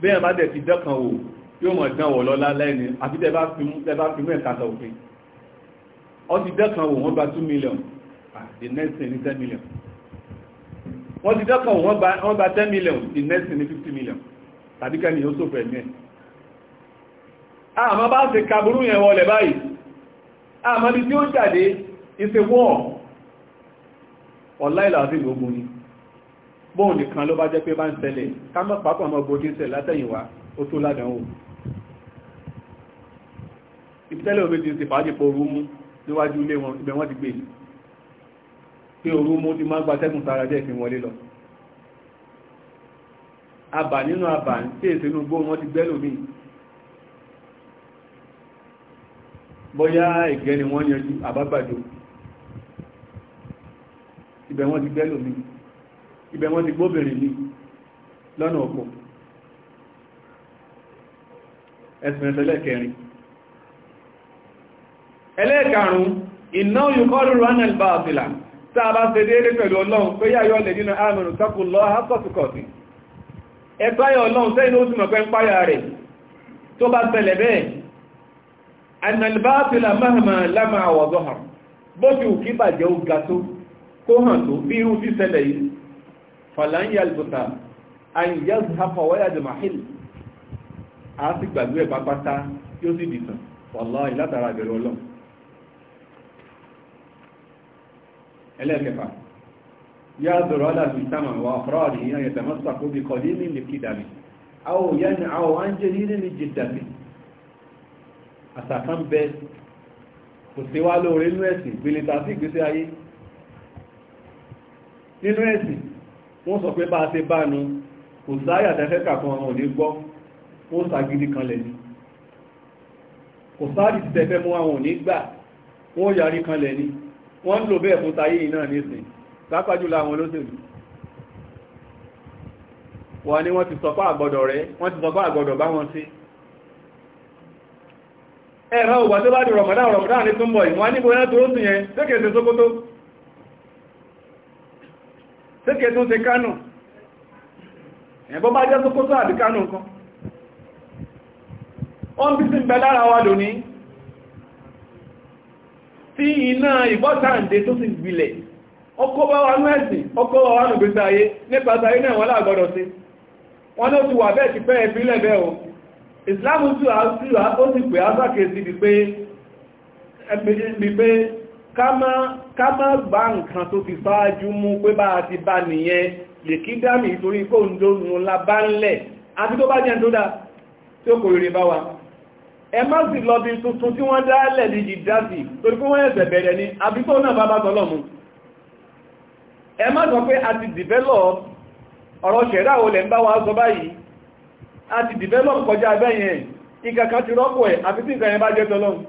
bí ẹ̀ bá dẹ̀ ti dẹ́kan wò yóò mọ̀ dán wọ̀ lọ́lá lẹ́ni àbí tẹ́ bá fi mú ẹ̀ka òfin ọ ti dẹ́kan wò wọ́n gba 2 million ah, the next thing is 10 million wọ́n ti dẹ́kan wò wọ́n gba 10 million the next thing is 50 million tàbí kẹ́ni ó sòfò ẹ̀mí ẹ̀ ah, àmọ́ bá ṣe kaburú yẹn wọlẹ̀ báyìí ah, àmọ́ bí tí ó jáde ìsìnkú ọ̀ ọ̀láìlà àti ìgbógun ni bóun nìkan ló bá jẹ́ pé bá ń ṣẹlẹ̀ ká mọ́ pápọ̀ ọmọ ogun tí ń ṣẹlẹ̀ látẹ̀yìnwá ó tó ládàáwò ìtẹ́lẹ̀ omi ti ń ti fàájì pọ̀ orú mú níwájú ilé wọn ibẹ̀ wọ́n ti gbé pé orú mú ti máa ń gba tẹ́kùn tara jẹ́ ìfin wọlé lọ abà nínú abà tí èsì inú gbó wọn ti gbẹ́lò míì bóyá ìgẹ́ ni wọ́n yanjú àbágbàdo ibẹ̀ wọ́n ti gbẹ́lò míì ibẹ̀ wọ́n ti gbóbìnrin ní lọ́nà ọ̀pọ̀ ẹ̀sìn ẹ̀sẹ̀lẹ̀ kẹrin ẹlẹ́ẹ̀karùn iná yùkọ́lù ránàl bá àtìlà tá a bá ṣe déédé pẹ̀lú ọlọ́run pé yáyọ́ lè dínà àmìrùn sákù lọ hapọ̀sùkọ̀sì ẹgbáyà ọlọ́run tẹ́ inú òsìmọ̀ pẹ́ ń páyà rẹ̀ tó bá ṣẹlẹ̀ bẹ́ẹ̀ ànàlbáàtìlà mahama lámà àwọ̀dọ́hàn bó ti ù kí bàjẹ́ ó ga tó kó hàn tó bí irú sí ṣẹlẹ̀ yìí falan yalbuta an yazhafa wa yadmahil a sì gbàgbé ẹ̀ pápátá yóò sì dìtàn wallahi látara àbẹ̀rẹ̀ ọlọ́run ẹlẹ́ẹ̀kẹfà yá zọrọ aláàbí sáma wà fọ́rọ̀ àdìyàn yẹn tẹ̀mọ́sà kó bí kọ́lí ní lè kídàmì àwọn òyìn ni nínú ẹ̀sìn wọ́n sọ pé bá a ṣe bá ní kò sáyà tẹ́fẹ́kà kan àwọn òní gbọ́ wọ́n sàgídí kan lẹ̀ ní kò sáàdì ti tẹ́fẹ́ mú àwọn òní gbà wọ́n yarí kan lẹ̀ ní wọ́n ń lò bẹ́ẹ̀ fún tayé náà nísìn lápájúlá àwọn olóṣèlú wọ́n ní wọ́n ti sọpá àgbọ̀dọ̀ rẹ̀ wọ́n ti sọpá àgbọ̀dọ̀ bá wọn sí ẹ̀rọ òwà tó bá di rọ̀mọ̀dá rọ̀mọ̀dá ní túnbọ̀ ìwọ́n níbo náà tó ó sì yẹn tó kèsè sókótó sékè tó ṣe kánù ẹ̀bọ́ bá jẹ́ tó àbí kánù kan wọ́n bí sí ń bẹ lára wa lónìí tí iná ìbọ́tàǹdé tó sì gbilẹ̀ ọkọ́ bá wa mẹ́sìn ọkọ́ wa wà nùgbésí ayé nípa ayé náà wọ́n láàgbọ́dọ̀ sí wọ́n ló ti wà bẹ́ẹ̀ ti pẹ́ ẹ̀fí lẹ́bẹ̀ o ìsìláàmù ó sì bí pé ká má gbá nǹkan tó ti sáájú mú pé bá ti bá nìyẹn lè kí dámì ìtorí kó ń dónú labá ńlẹ̀ àti tó bá jẹ́ tó dá tí ó kò rere bá wa ẹ má sì lọ bí tuntun tí wọ́n dálẹ̀ lè jì dásì torí pé wọ́n ẹ̀sẹ̀ bẹ̀rẹ̀ ni àbí náà bá bá develop ọ̀rọ̀ ṣẹ̀dá olè ń develop kọjá abẹ́yẹn ìkàkà ti rọ́pò ẹ̀ àfi tí nǹkan yẹn bá tọ́lọ́mù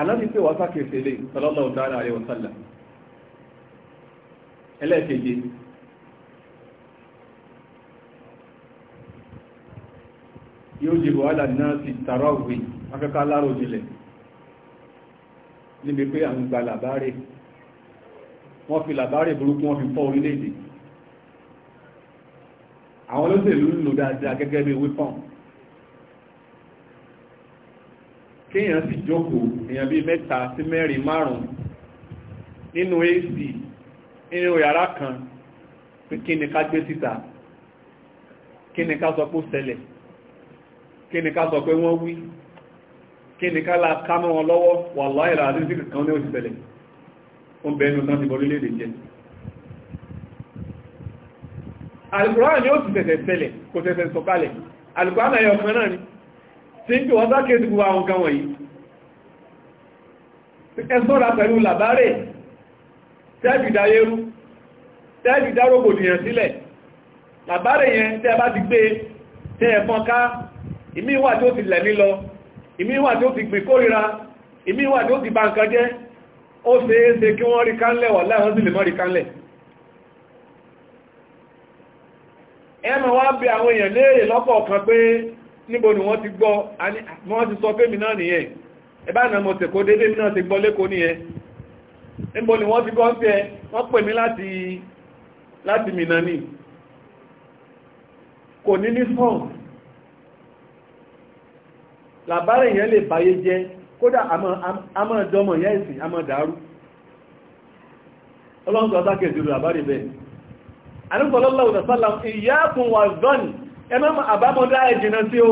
alábi pé wàá sàkèsè lè sallallahu ta'ala alaihi wa sallam ẹlẹ́ẹ̀keje yóò jẹ́ wàhálà náà ti tààrà òwe afẹ́ká lárò jìnlẹ̀ níbi pé à ń gba làbárè wọ́n fi làbárè burúkú wọ́n fi fọ́ orílẹ̀-èdè àwọn olóṣèlú ń lò dáadáa gẹ́gẹ́ bí wípọ́n kéèyàn sì jókòó èèyàn bíi mẹ́ta sí mẹ́rin márùn-ún nínú ac nínú yàrá kan pé kí ni ká gbé síta kí ni ká sọ pé ó ṣẹlẹ̀ kí ni ká sọ pé wọ́n wí kí ni ká la ká mọ́ wọn lọ́wọ́ wà láìra àti kankan ní òsì ṣẹlẹ̀ ó ń bẹ ẹnu tán ti bọ́ orílẹ̀-èdè jẹ́ alùpùrọ̀ ni ó sì tẹ̀sẹ̀ ṣẹlẹ̀ kò tẹ̀sẹ̀ sọ̀kalẹ̀ alùpùrọ̀ náà yọ ọkùnrin náà ni tí ń pè wọ́n sáké sí gbogbo àwọn kan wọ̀nyí ẹ̀sọ́ra pẹ̀lú làbárẹ̀ tẹ́bìdáyérú tẹ́bìdárógbòdìyàn sílẹ̀ làbárẹ̀ yẹn tẹ́ bá ti gbé tẹ́ ẹ̀fọn ká ìmíwà tó ti lẹ̀ nílọ ìmíwà tó ti gbìn kórìíra ìmíwà tó ti bà nǹkan jẹ́ ó ṣeéṣe kí wọ́n rí kánlẹ̀ wà láwọn sì lè mọ́ rí kánlẹ̀ ẹ níbo ni wọ́n ti gbọ́ wọ́n ti sọ fẹ́mi náà nìyẹn ẹbá náà mo tẹ̀kọ́ dédé náà ti gbọ́ lẹ́kọ́ nìyẹn níbo ni wọ́n ti gbọ́ ń tẹ́ wọ́n pè mí láti láti mìnà ní kò ní ní fọ́n làbárẹ̀ yẹn lè báyé jẹ́ kódà àmọ́ ìjọmọ̀ yẹ́ ìsìn àmọ́ dàrú ọlọ́run sọ sákèjì làbárẹ̀ bẹ́ẹ̀ ẹmọ́ àbámọ́dá ẹ̀jìnà sí o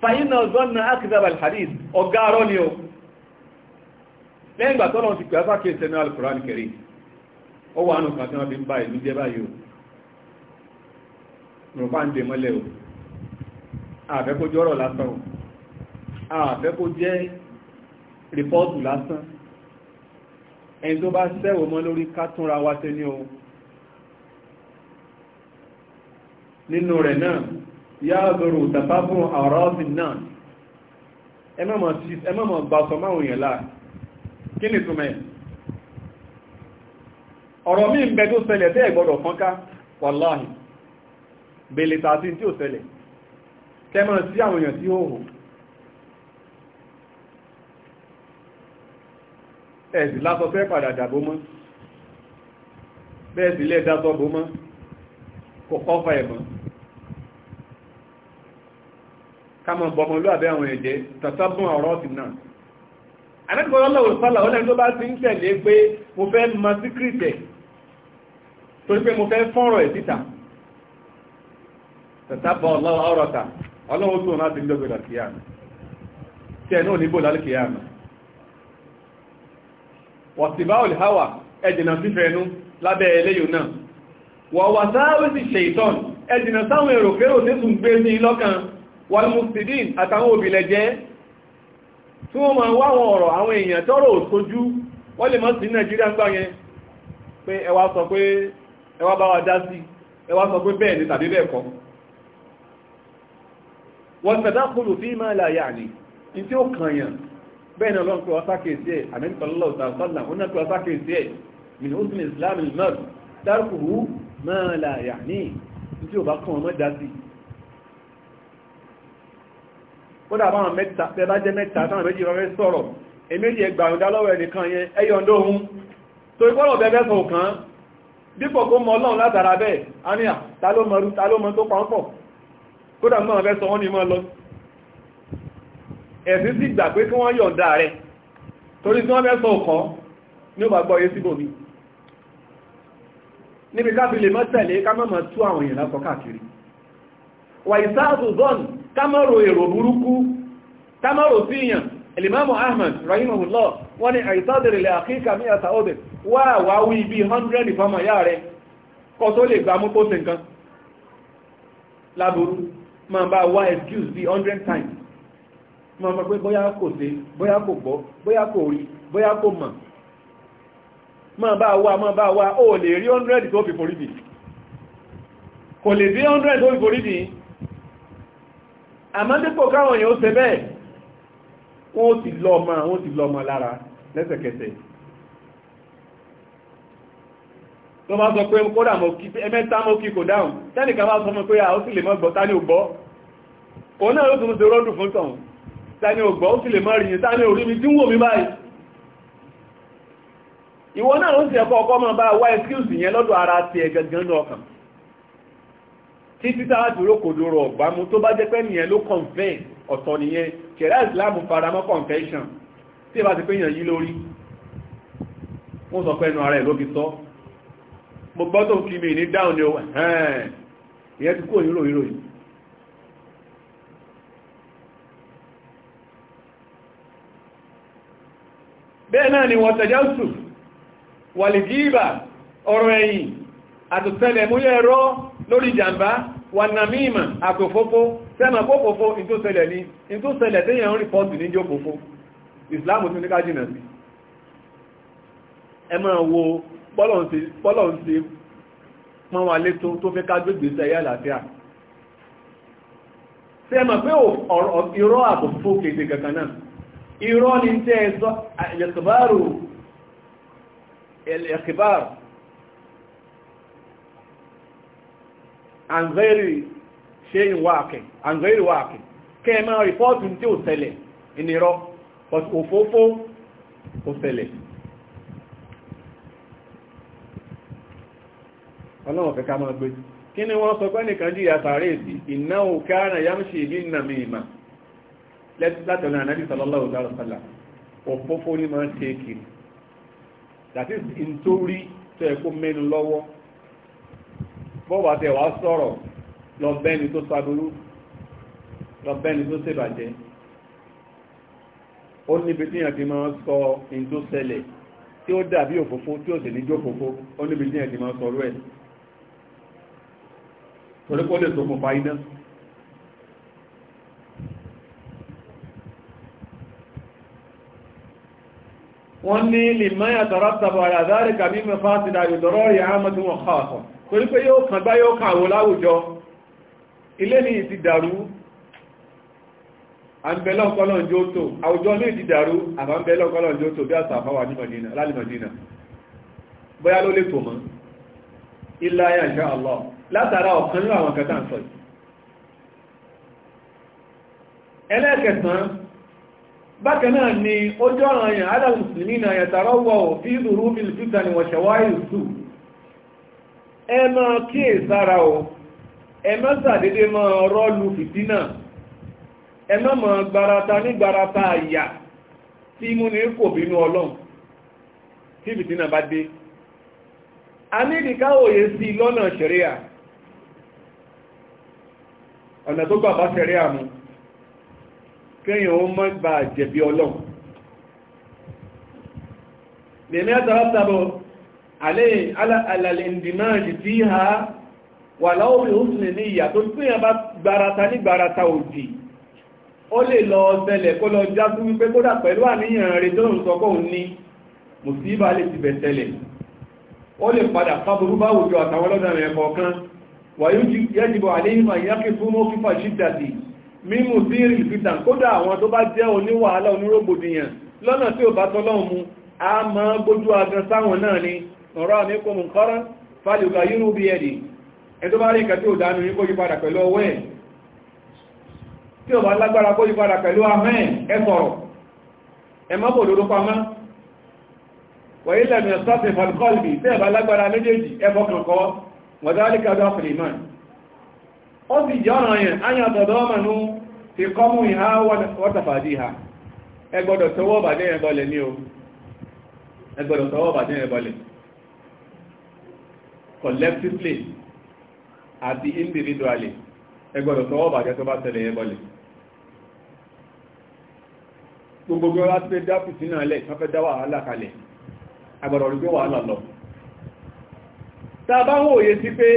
fàyínà zọ́nà akizabal hadith ọgá arọ́ ni o lẹ́yìn ìgbà tọ́lọ̀ ti pẹ̀lú fàkí ìsẹ́nú alkùránì kẹrì ó wà nù kàtí wọ́n fi ń bá ìlú jẹ́ báyìí o rùpá ń dè mọ́lẹ̀ o àfẹ́kó jẹ́ o àfẹ́kó jẹ́ rìpọ́ọ̀tù lásán ẹni tó bá sẹ́wọ̀ mọ́ lórí ká túnra nínú rẹ̀ náà yá ọ̀rọ̀ tàbábùn àrọ́bìn náà ẹmọ́mọ̀ gbàtọ̀ máa òyìn láà kí ni túnmẹ̀ ọ̀rọ̀ mí ń bẹ tó ṣẹlẹ̀ tẹ́ ẹ̀gbọ́dọ̀ fọ́nká wàláhì bèèlè tàbí tí ó ṣẹlẹ̀ kẹmọ̀ sí àwọn èèyàn tí ó hù ẹ̀sì lásọ kò kọ́ fa ẹ̀mọ́ Kama bọ̀kan ló àbẹ́ àwọn ẹ̀jẹ́ tọ̀tọ́bùn ọ̀rọ̀ ti náà anẹ́kọ̀ọ́ lọ́wọ́ sọ́là ó lẹ́nu tó bá ti ń tẹ̀lé pé mo fẹ́ mọ síkírìtẹ̀ torí pé mo fẹ́ fọ́nrọ̀ ẹ̀ síta tọ̀tọ́bùn ọ̀rọ̀ ta ọlọ́wọ́ tó náà ti ń dọ́gbẹ̀dà sí àná tí ẹ̀ náà níbò lálùkì àná wọ̀sìbá olùháwà ẹ̀jìnà fífẹ́nu lábẹ́ ẹlẹ́yìn náà ṣe ìtọ́n ẹ̀jìnà sáwọn èròkérò tẹ́sùn gbé ní lọ́kàn wàlúmùsìdín àtàwọn òbílẹ̀ jẹ́ tí wọ́n máa wá àwọn ọ̀rọ̀ àwọn èèyàn tọ́rọ̀ òtójú wọ́n lè mọ́ sí nàìjíríà ń gbá yẹn pé ẹ wá sọ pé ẹ wá bá wa dá sí ẹ wá sọ pé bẹ́ẹ̀ ni tàbí bẹ́ẹ̀ kọ́ wọ́n tẹ̀dá kúrò fí máa láyà ní tí ó bá kàn ọmọ dá kódà báwọn mẹ́ta tẹ́bá jẹ́ mẹ́ta táwọn méjì rẹ̀ sọ̀rọ̀ èméjì ẹgbà ọ̀dá lọ́wọ́ ẹnìkan yẹn ẹyọ̀ndó ohun tó ikọ́rọ̀ bẹ̀bẹ̀ sọ kàn dípò kó mọ ọlọ́run látara bẹ́ẹ̀ àníyà ta ló mọrú ta ló mọ tó pàápọ̀ kódà mọ́ ọ̀fẹ́ sọ wọ́n ni mọ́ lọ ẹ̀sìn sì gbà pé kí wọ́n yọ̀ǹda rẹ̀ torí tí wọ́n fẹ́ sọ ọkọ̀ ní ó bá gbọ́ yé síbòmí níbi ká fi lè mọ́ tẹ̀lé ká mọ́ mọ́ tú àwọn èèyàn lásọ káàkiri wà ìsáàtù zọ́nù támọ́rò èrò burúkú támọ́rò síyàn Ìlìmáàmù Ahmad rahimahullah wọ́n ni àìsádìrìlẹ̀ àkíkà ní àtàọ́dẹ̀ wà wá wí bí 100 ìfọ́mọ̀ yá rẹ̀ kọ tó lè gbámú kó sí nǹkan láburú ma bá wá excuse bí 100 times ma ma pé bóyá kò sí bóyá kò gbọ́ bóyá kò rí bóyá kò mọ̀ ma bá wá ma bá wá ó lè rí 100 tó fi forí dì kò lè rí 100 tó fi forí dì àmọ́ dípò káwọn èèyàn ó ṣe bẹ́ẹ̀ wọ́n ti lọ ọmọ wọ́n ti lọ ọmọ lára lẹ́sẹ̀kẹsẹ̀ tó bá sọ pé kódà mọ́ kí ẹmẹ́ta mọ́ kí kò dáhùn tẹ́nìkan bá sọ mọ́ pé àwọn sì lè mọ́ gbọ́ tání ò gbọ́ òun náà ló tún ṣe rọ́dù fún tàn tání ò gbọ́ ó sì lè mọ́ rìyìn tání orí mi tí ń wò mí báyìí ìwọ náà ló sì ẹ̀kọ́ ọkọ́ mọ́ bá wá excuse yẹn lọ́dọ̀ ara ti ẹ̀gẹ̀gẹ̀ ọkàn tí títà dúró kò dúró ọ̀gbámú tó bá jẹ́ pé nìyẹn ló confess ọ̀tọ̀ nìyẹn kẹ̀rẹ́ ìsìláàmù faramọ́ confession tí ìbá ti pé yàn yí lórí wọ́n sọ pé ẹnu ara ẹ̀ ló fi sọ mo gbọ́ tó kí mi ní dáhùn ni ó ẹ̀hẹ́n ìyẹn ti kú òyìn ròyìn bẹ́ẹ̀ náà ni wọ́n tẹ̀jẹ́ òsù wàlìgíìbà ọ̀rọ̀ ẹ̀yìn àtòtẹ́lẹ̀ múyẹ́ ẹ̀rọ lórí jàmbá wà nàmíìmà àtòfófó sẹ́mà ní tí yẹn ń ní Islam ní sí ẹ máa wo ṣe pọ́n wà létó tó fẹ́ ká gbégbé sí àlàáfíà tí ẹ mọ̀ pé ìrọ́ àbòfó kéde kankan náà ìrọ́ tẹ́ àǹgẹ́rì ṣe ìwàkì àǹgẹ́rì wàkì kí ẹ máa rìpọ́ọ̀tù tí ó ṣẹlẹ̀ ìnirọ́ òfófó ó ṣẹlẹ̀ ọlọ́wọ̀n fẹ́ ká máa gbé kí ni wọ́n sọ pé nìkan jí àtàrí sí ìnáwó káàrà yámṣì bí nà mí ìmà látọ̀nà ànábì sallallahu alaihi wasallam òfófó ní máa ń ṣe kiri that is nítorí tó ẹ̀kọ́ mẹ́nu lọ́wọ́ bọ́ọ̀bà tẹ̀ wá sọ̀rọ̀ lọ bẹ́ni tó sàdúrú lọ bẹ́ni tó ṣèbàjẹ́ ó níbi tí yàn ti máa sọ in tó ṣẹlẹ̀ tí ó dàbí òfófó tí ó sì ní jófófó ó níbi tí yàn ti máa sọ̀rọ̀ ẹ̀ torípó lè tó fòfà iná wọ́n ní lè máa yàtọ̀rọ̀ tàbí àdáríkà mímọ̀ fásitì àyòdọ̀rọ̀ ìyá àmọ́ tí wọ́n kọ́ àkọ́ torí pé yóò kàn bá yóò kàwò láwùjọ ilé ní ìti dàrú àbẹ̀lọ́kọ́lọ́njótó àwùjọ ní ìti dàrú àbẹ̀lọ́kọ́lọ́njótó bí àsàfáwà ní Mọ̀dínà lálìmọ̀dínà bóyá ló lè tò mọ́ ilá ayá insha Allah látara ọ̀kan nínú àwọn kẹta ń sọ yìí ẹlẹ́ẹ̀kẹsàn bákan náà ni ó jọ́ ọ̀ràn yẹn adáhùn sí nínú àyàtàrọ́wọ̀ fi ìdúrú bí ìfìtà ni wọ̀ṣẹ̀wá ìrùsù ẹ máa kíyè sára o ẹ má ṣàdédé máa rọ́ọ̀lù fìtínà ẹ má máa gbarata ní gbarata àyà tí mú ní kò bínú ọlọ́run tí fìtínà bá dé a nídi káwòye sí lọ́nà ṣẹ̀ríà ọ̀nà tó gbà bá ṣẹ̀ríà mú kéyàn ó mọ́ gbà jẹ̀bi ọlọ́run lè mẹ́ta látàbọ̀ alẹ́ alàlẹ́ndìmáàjì tí ha wà láwọ́bí òsìnlẹ̀ ní ìyà tó pín àbá gbarata ní gbarata òdì ó lè lọ ọ̀sẹ̀lẹ̀ kó lọ já fún wípé kódà pẹ̀lú àníyàn rẹ̀ tó ń sọkọ́ ní mùsíbà lè ti bẹ̀tẹ̀lẹ̀ ó lè padà fábúrú bá wùjọ àtàwọn lọ́dọ̀ rẹ̀ kọ̀ọ̀kan wàyú yẹ́jìbọ̀ àléhìmọ̀ ìyákì ọ̀rọ̀ àmì kò mú kọ́rán fàlùkà yínú bí ẹ̀dì ẹ̀tọ́ bá rí ìkàtí òdánù ní kó yí padà pẹ̀lú ọwọ́ ẹ̀ tí ó bá lágbára kó yí padà pẹ̀lú amẹ́ ẹ̀kọ̀rọ̀ ẹ̀mọ́ kò dòdó pamá wọ̀nyílẹ̀ mìíràn sọ́fẹ̀ fàlùkọ́lùbì tí ẹ̀bá lágbára méjèèjì ẹ̀fọ́ kankọ́ wọ̀dáríkàdọ́ fìlìmán ó sì jẹ́ ọ̀nà yẹn ányàtọ̀dọ́ ọmọnú fi ẹgbọ́dọ̀ tọwọ́ bàdẹ́ ẹ̀bọ́lẹ̀ ní o ẹgbọ́dọ̀ tọwọ́ bàdẹ́ ẹ̀bọ́lẹ̀ collectively àti individually ẹ tọwọ́ bàjẹ́ tó bá tẹ̀lé yẹn bọ́lẹ̀ gbogbo láti fẹ́ lọ bá ń wòye sí pé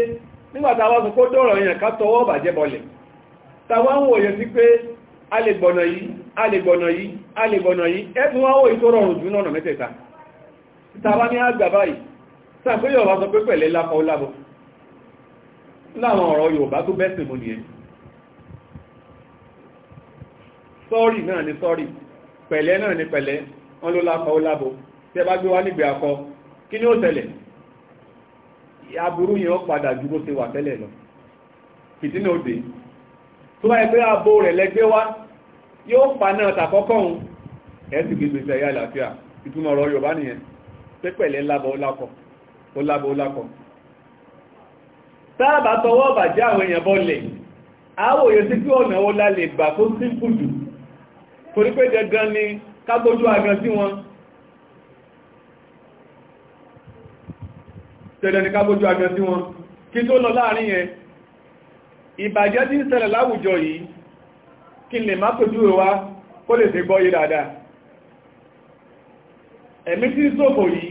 nígbà wá sọ pé ká tọwọ́ bàjẹ́ bọ́lẹ̀ ń wòye sí pé a lè gbọ̀nà yìí a lè gbọ̀nà yìí a lè gbọ̀nà yìí ẹ̀tún wá wòye tó rọrùn jù náà mẹ́tẹ̀ẹ̀ta sàpé yọ̀bá sọ pé pẹ̀lẹ́ lápá ó lábọ̀ láwọn ọ̀rọ̀ Yorùbá tó bẹ́sẹ̀ mú nìyẹn sọ́ọ̀rì náà ni sọ́ọ̀rì pẹ̀lẹ́ náà ni pẹ̀lẹ́ wọ́n ló lápá ó lábọ̀ tí ẹ bá gbé wá nígbè akọ kí ni ó tẹ̀lẹ̀ aburú yẹn ó padà ju bó ṣe wà tẹ́lẹ̀ lọ fìtínà òde tó bá yẹ pé abo rẹ̀ lẹ́gbẹ́ wá yóò pa náà tàkọ́kọ́ òun ẹ̀ sì gbèsè ẹ̀yà àlàáfíà ìtumọ̀ ọ̀rọ̀ Yorùbá nìyẹn pé pẹ̀lẹ́ lábọ̀ ó lápọ̀ ó lábọ́ ó lápọ̀ táàbà tọwọ́ bàjẹ́ àwọn èèyàn bọ́lẹ̀ àwòyẹ sí kí ọ̀nà ó lálẹ̀ gbà kó símpù jù torí pé dandan ni kágbójú agan sí wọn tẹ́lẹ̀ ni kágbójú agan sí wọn kí tó lọ láàrin yẹn ìbàjẹ́ tí ń ṣẹlẹ̀ láwùjọ yìí kí lè má pẹ̀jú wa kó lè ṣe gbọ́ yìí dáadáa ẹ̀mí tí ń yìí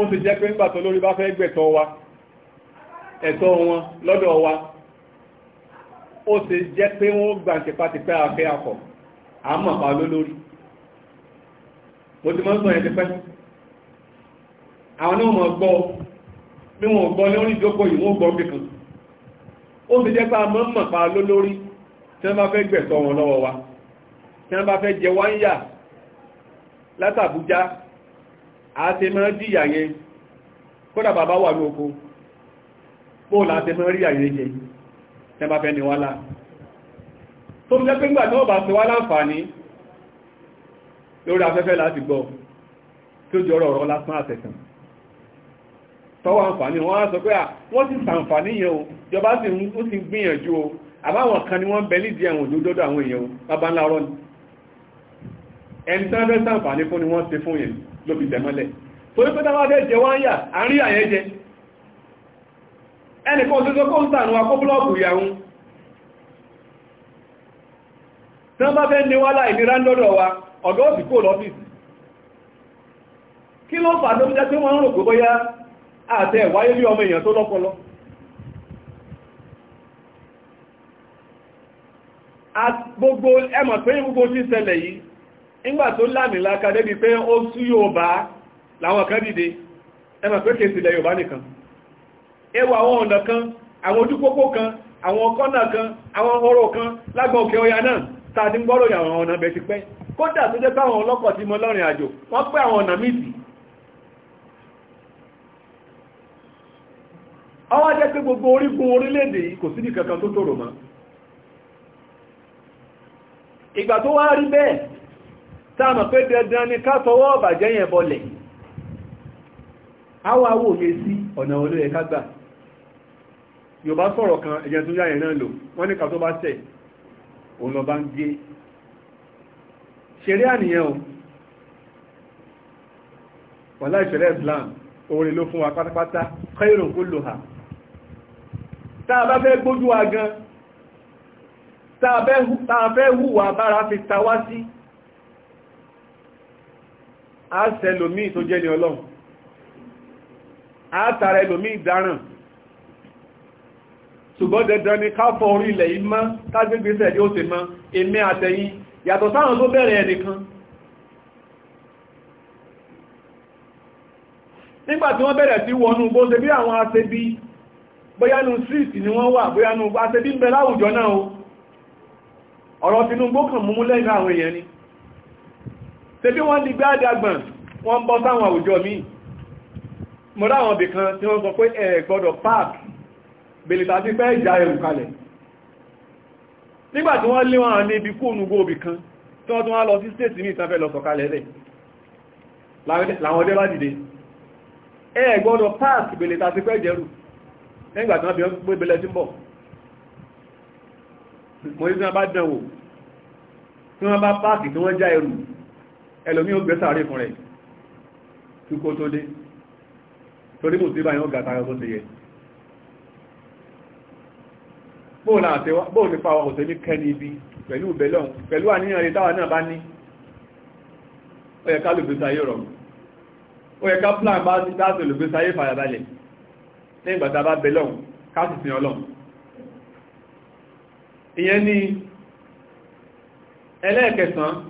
ó ti jẹ́ pé ń gbàtọ̀ lórí bá fẹ́ gbẹ̀tọ̀ wa ẹ̀tọ́ wọn lọ́dọ̀ wa ó ti jẹ́ pé wọ́n gbà tipátipá afẹ́ akọ̀ àmọ̀pá lólórí mo ti mọ́ sọ ẹ̀ tipẹ́ àwọn náà mọ̀ gbọ́ bí wọ́n gbọ́ lórí ìjókòó yìí wọ́n gbọ́ àti mọ́ díyà yẹn kódà bàbá wà ní oko bóòlà àti mọ́ rí àyẹ́ jẹ tẹba fẹ́ ni wálá tó ń jẹ́ pé ńgbà náà bá ti wá láǹfààní lórí afẹ́fẹ́ láti gbọ́ tí ó jọrọ ọ̀rọ̀ lásán àtẹ̀kàn tọ́wọ́ àǹfààní wọ́n á sọ pé wọ́n ti sàǹfààní yẹn o jọba sì ń gbìyànjú o àbáwọn kan ni wọ́n bẹ nídìí ẹ̀wọ̀n òjòjọ́dọ̀ àwọn èèyàn bàbá ńlá ọ̀rọ̀ ni ẹni tán fẹ́ sàǹfààní fún ni wọ́n ṣe fún yẹn ló fi tẹ̀mọ́lẹ̀ torí pé táwọn eje jẹ wá ń yà àárín àyẹ́ jẹ ẹnìkan nwụ. tó kó ń tànù akó búlọ́ọ̀kù ìyàwó tí wọ́n bá fẹ́ ní wálá ìnira ń lọ́dọ̀ wa ọ̀gá gbogbo ọmọ tó lọ́pọlọ gbogbo tí nígbà tó lámìláka débi pé ó sú Yorùbá láwọn kan dìde ẹmà pé kèsì ilẹ̀ Yorùbá nìkan ẹwà àwọn ọ̀nà kan àwọn ojúpópó kan àwọn kọ́nà kan àwọn kan lágbọn òkè ọya náà tàbí gbọ́rọ̀ àwọn ọ̀nà bẹ̀ ti pẹ́ gbogbo ìgbà tó wá rí bẹ́ẹ̀ táàmà pé dandan ni ká tọwọ́ ọ̀bàjẹ́ yẹn bọlẹ̀ awọ awọ òye sí ọ̀nà olóyẹ kágbà yóò bá sọ̀rọ̀ kan ẹ̀yẹn tó yáyẹ̀ náà lò wọ́n ní ká tó bá tẹ̀ òun lọ bá ń gé ṣeré àníyàn o wàlá ìṣẹ̀lẹ̀ Islam orin ló fún wa pátápátá khairun kulluha táà bá fẹ́ gbójú wa gan táà fẹ́ hùwà bára fi tawá sí á tó jẹ́ ní ọlọ́run á tààrà ẹlòmí ìdáràn ṣùgbọ́n dandan ni ká orí ilẹ̀ yìí mọ́ kágbégbésẹ̀ yóò ṣe mọ́ èmi àtẹ̀yìn yàtọ̀ sáwọn tó bẹ̀rẹ̀ ẹnìkan nígbàtí wọ́n bẹ̀rẹ̀ sí wọnú bí àwọn street ni wọ́n wà náà ọ̀rọ̀ Tinubu kàn múmú lẹ́yìn àwọn èèyàn tẹbí wọ́n di gbáàdì àgbọ̀n wọ́n bọ́ sáwọn àwùjọ mi mo ráwọn bì kan tí wọ́n sọ pé ẹ gbọ́dọ̀ park bèlìtà ti fẹ́ ìjà ẹrù kalẹ̀ nígbàtí wọ́n lé wọn ní ibi kúrùnú góòbì kan tí wọ́n tún wá lọ sí stéètì ní ìtafẹ́ lọ sọ̀kalẹ̀ rẹ̀ láwọn ọdẹ́ bá dìde ẹ gbọ́dọ̀ park bèlìtà ti fẹ́ jẹrù nígbàtí wọ́n fi pé bẹ̀lẹ̀ tí ń bọ̀ mo ní tí wọ́n bá dánwò tí wọ́n bá páàkì tí wọ́n já ẹlòmí ó gbẹ́sàárè fún rẹ̀ tí kó tó dé torí mú sí báyìí ó gàtà ọgbọ́n ti yẹ bóò ní fàwà òsè ní kẹni ibi pẹ̀lú ìbẹ̀lọ́n pẹ̀lú àníyàn rẹ̀ táwà náà bá ní ó ká lògbèsà ayé rọ̀ ó yẹ ká plan bá ti dáàtò lògbèsà ayé fàyàbalẹ̀ ní ìgbàta bá bẹ̀lọ́n ká sì sin ọlọ́n ìyẹn ni ẹlẹ́ẹ̀kẹsàn-án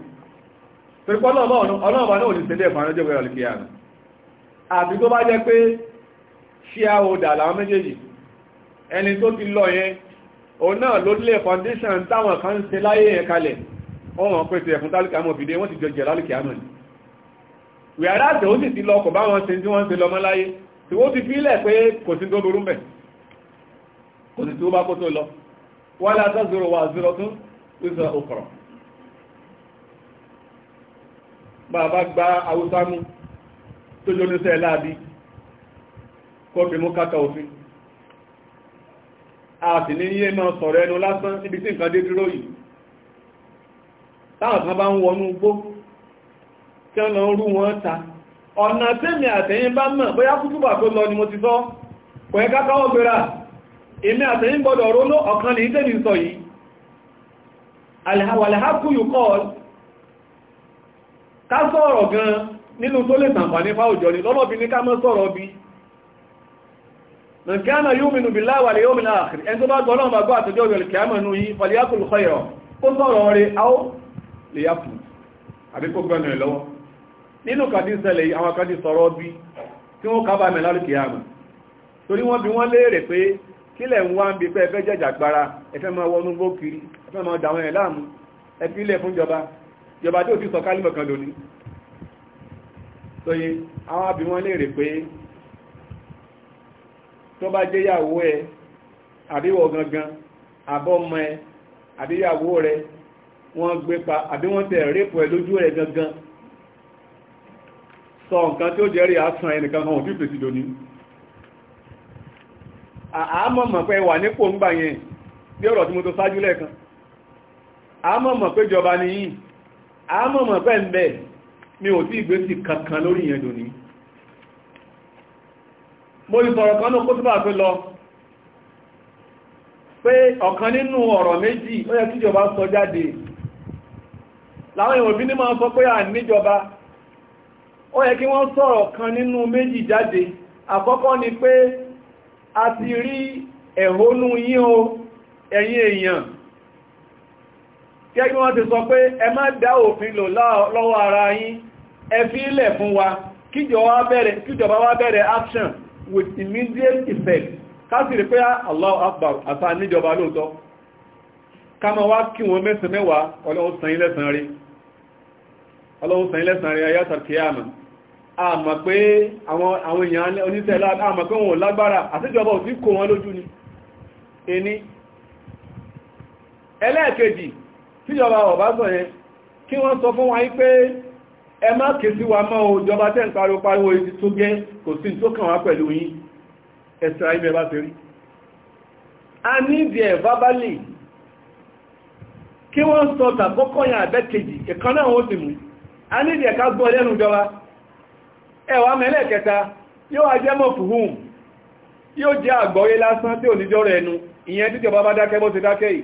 torí pé ọlọ́ọ̀bá náà ní sílẹ̀ fún àjọ́jọ́ ìrọ̀lẹ̀ kí àrùn àti tó bá jẹ́ pé ṣíà odà làwọn méjèèjì ẹni tó ti lọ yẹn òun náà ló lè foundation táwọn kan ṣe láyé yẹn kalẹ̀ ọ̀hún pèsè ẹ̀fún tálíkà mọ̀ fìdí wọ́n ti jọ jẹ̀ lálùkì àmọ̀ ni wẹ̀rẹ́ àti ó sì ti lọ kọ̀ bá wọn ṣe tí wọ́n ṣe lọmọ láyé tí ó ti fílẹ̀ pé kò sí tó burú mẹ́ kò sí tí ó bá kó tó lọ wọ́n látọ́ zero wà zero tún ìṣẹ́ bàbá gba haúsá mú tó jọ níṣẹ́ láàbí kọ́pì mú káta òfin a sì ní yé máa sọ̀rọ̀ ẹnu lásán níbi tí nǹkan dé dúró yìí táwọn kan bá ń wọnú igbó tí wọ́n lọ rú wọn ta ọ̀nà tẹ́mì àtẹ̀yìn bá mọ̀ bóyá kútùbà tó lọ ni mo ti sọ pẹ̀ẹ́ kákáwọ́ gbéra èmi àtẹ̀yìn gbọ́dọ̀ róló ọ̀kan lè tẹ́mì sọ yìí alhàwàlhàkú yìí kọ́ọ̀lù ká sọ̀rọ̀ gan nínú tó lè tàǹfàní fáwùjọ ni lọ́lọ́bí ní ká mọ́ sọ̀rọ̀ bí nìkánà yóò mìnú bí láwàrí yóò mìnà àkìrí ẹni tó bá gbọ́nà a mọ̀ nú yí fọlíyàkùlù kọyọ̀ kó sọ̀rọ̀ rẹ̀ áó lè yàpù àbí kó gbọ́nà ẹ̀ lọ́wọ́ nínú kàdí ṣẹlẹ̀ yìí àwọn kàdí sọ̀rọ̀ bí tí wọ́n kábà mẹ́ lálùkì àmà torí wọ́n ka ìjọba tí ó ti sọ kálímọ̀ kan lóní tóyí àwọn abì wọn lè rè pé tó bá jẹ́ yàwó ẹ àbíwọ̀ gangan àbọ́mọ ẹ àbíyàwó rẹ wọ́n gbé pa àbí wọ́n tẹ̀ rẹ́pù ẹ lójú rẹ gangan sọ nǹkan tí ó jẹ́ rí àtàn ẹnìkan kan òfin fèsì lóní àmọ̀mọ̀ pé wà nípò ń gbà yẹn bí ọ̀rọ̀ tí mo tó ṣáájú lẹ́ẹ̀kan àmọ̀mọ̀ pé jọba ni yìí àmọ̀mọ̀ pẹ́ẹ̀mẹ́ mi ò tí ìgbé sí kankan lórí ìyẹn dòní mo ìfọ̀rọ̀ kan náà kó tó bá fi lọ pé ọ̀kan nínú ọ̀rọ̀ méjì ó yẹ kíjọba sọ jáde láwọn èèyàn òbí ní máa sọ pé à níjọba ó yẹ kí wọ́n sọ̀rọ̀ kan nínú méjì jáde àkọ́kọ́ ni pé a ti rí ẹ̀hónú yín o èèyàn kẹ́gbẹ́ wọ́n ti sọ pé ẹ má dá òfin lò lọ́wọ́ ara yín ẹ fi ilẹ̀ fún wa kíjọba wá bẹ̀rẹ̀ action with immediate effect kásìrì pé Allahu Akbar níjọba lóòtọ́ ká wá kí wọn mẹ́sàn mẹ́wàá ọlọ́run ilẹ̀sàn rí pé àwọn èèyàn lágbára ò sí kó wọn lójú ni ẹni tíjọba ọ̀bá sọ yẹn kí wọ́n sọ fún wa yí pé ẹ má ké sí wa mọ́ o jọba tẹ́ ń pariwo pariwo ibi tó gẹ́ kò sí tó kàn wá pẹ̀lú yín ẹ̀sìn ayé bẹ́ẹ̀ bá ti rí a ní ìdíẹ̀ verbally kí wọ́n sọ tàbọ́kọ́ yàn àbẹ́kejì ẹ̀kan náà wọ́n sì mú a ní ìdíẹ̀ ká gbọ́ lẹ́nu jọba ẹwà mẹ́lẹ̀ kẹta yóò ajẹ́mọ̀ fùhùn yóò jẹ́ àgbọ́yé lásán tí ò níjọ́rọ̀ ẹnu ìyẹn títẹ̀ bá bá dákẹ́ bó ti dákẹ́ yìí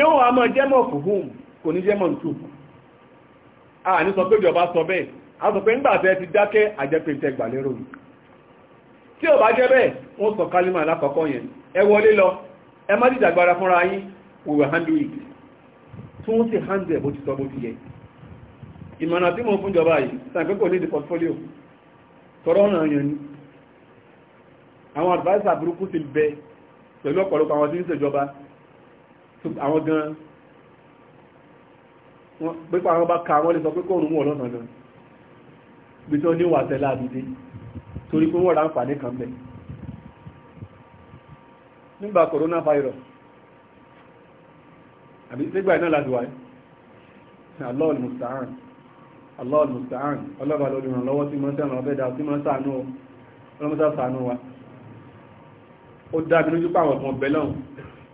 yóò wà mọ́ jẹ́mọ̀ fòhùn kò ní jẹ́mọ̀ tù a ní sọ pé ìjọba sọ bẹ́ẹ̀ a sọ pé nígbàtẹ́ ti dákẹ́ àjẹpẹ́ tẹ gbà lérò tí ò bá jẹ́ bẹ́ẹ̀ wọ́n sọ kálímà lákọ̀ọ́kọ́ yẹn ẹ wọlé lọ ẹ má dìjàgbára fúnra yín we will handle it tí wọ́n sì handle bó ti sọ bó ti yẹ ìmọ̀nà tí mo fún ìjọba yìí sàǹpé kò ní di portfolio tọrọ ọ̀nà yẹn ni àwọn advisor burúkú ti bẹ pẹ̀lú ọ̀pọ̀lọpọ̀ àwọn tí ń ṣèjọba àwọn gan pípa àwọn bá ka wọ́n lè sọ pé kóòrùn mú gan bí tí wọ́n ní wà tẹ́lá torí pé wọ́n ní kan bẹ̀ nígbà coronavirus àbí nígbà iná láti wáyé Allahul musta'an Allahul musta'an ọlọ́ba lórí ìrànlọ́wọ́ tí máa tí wa ó pàwọn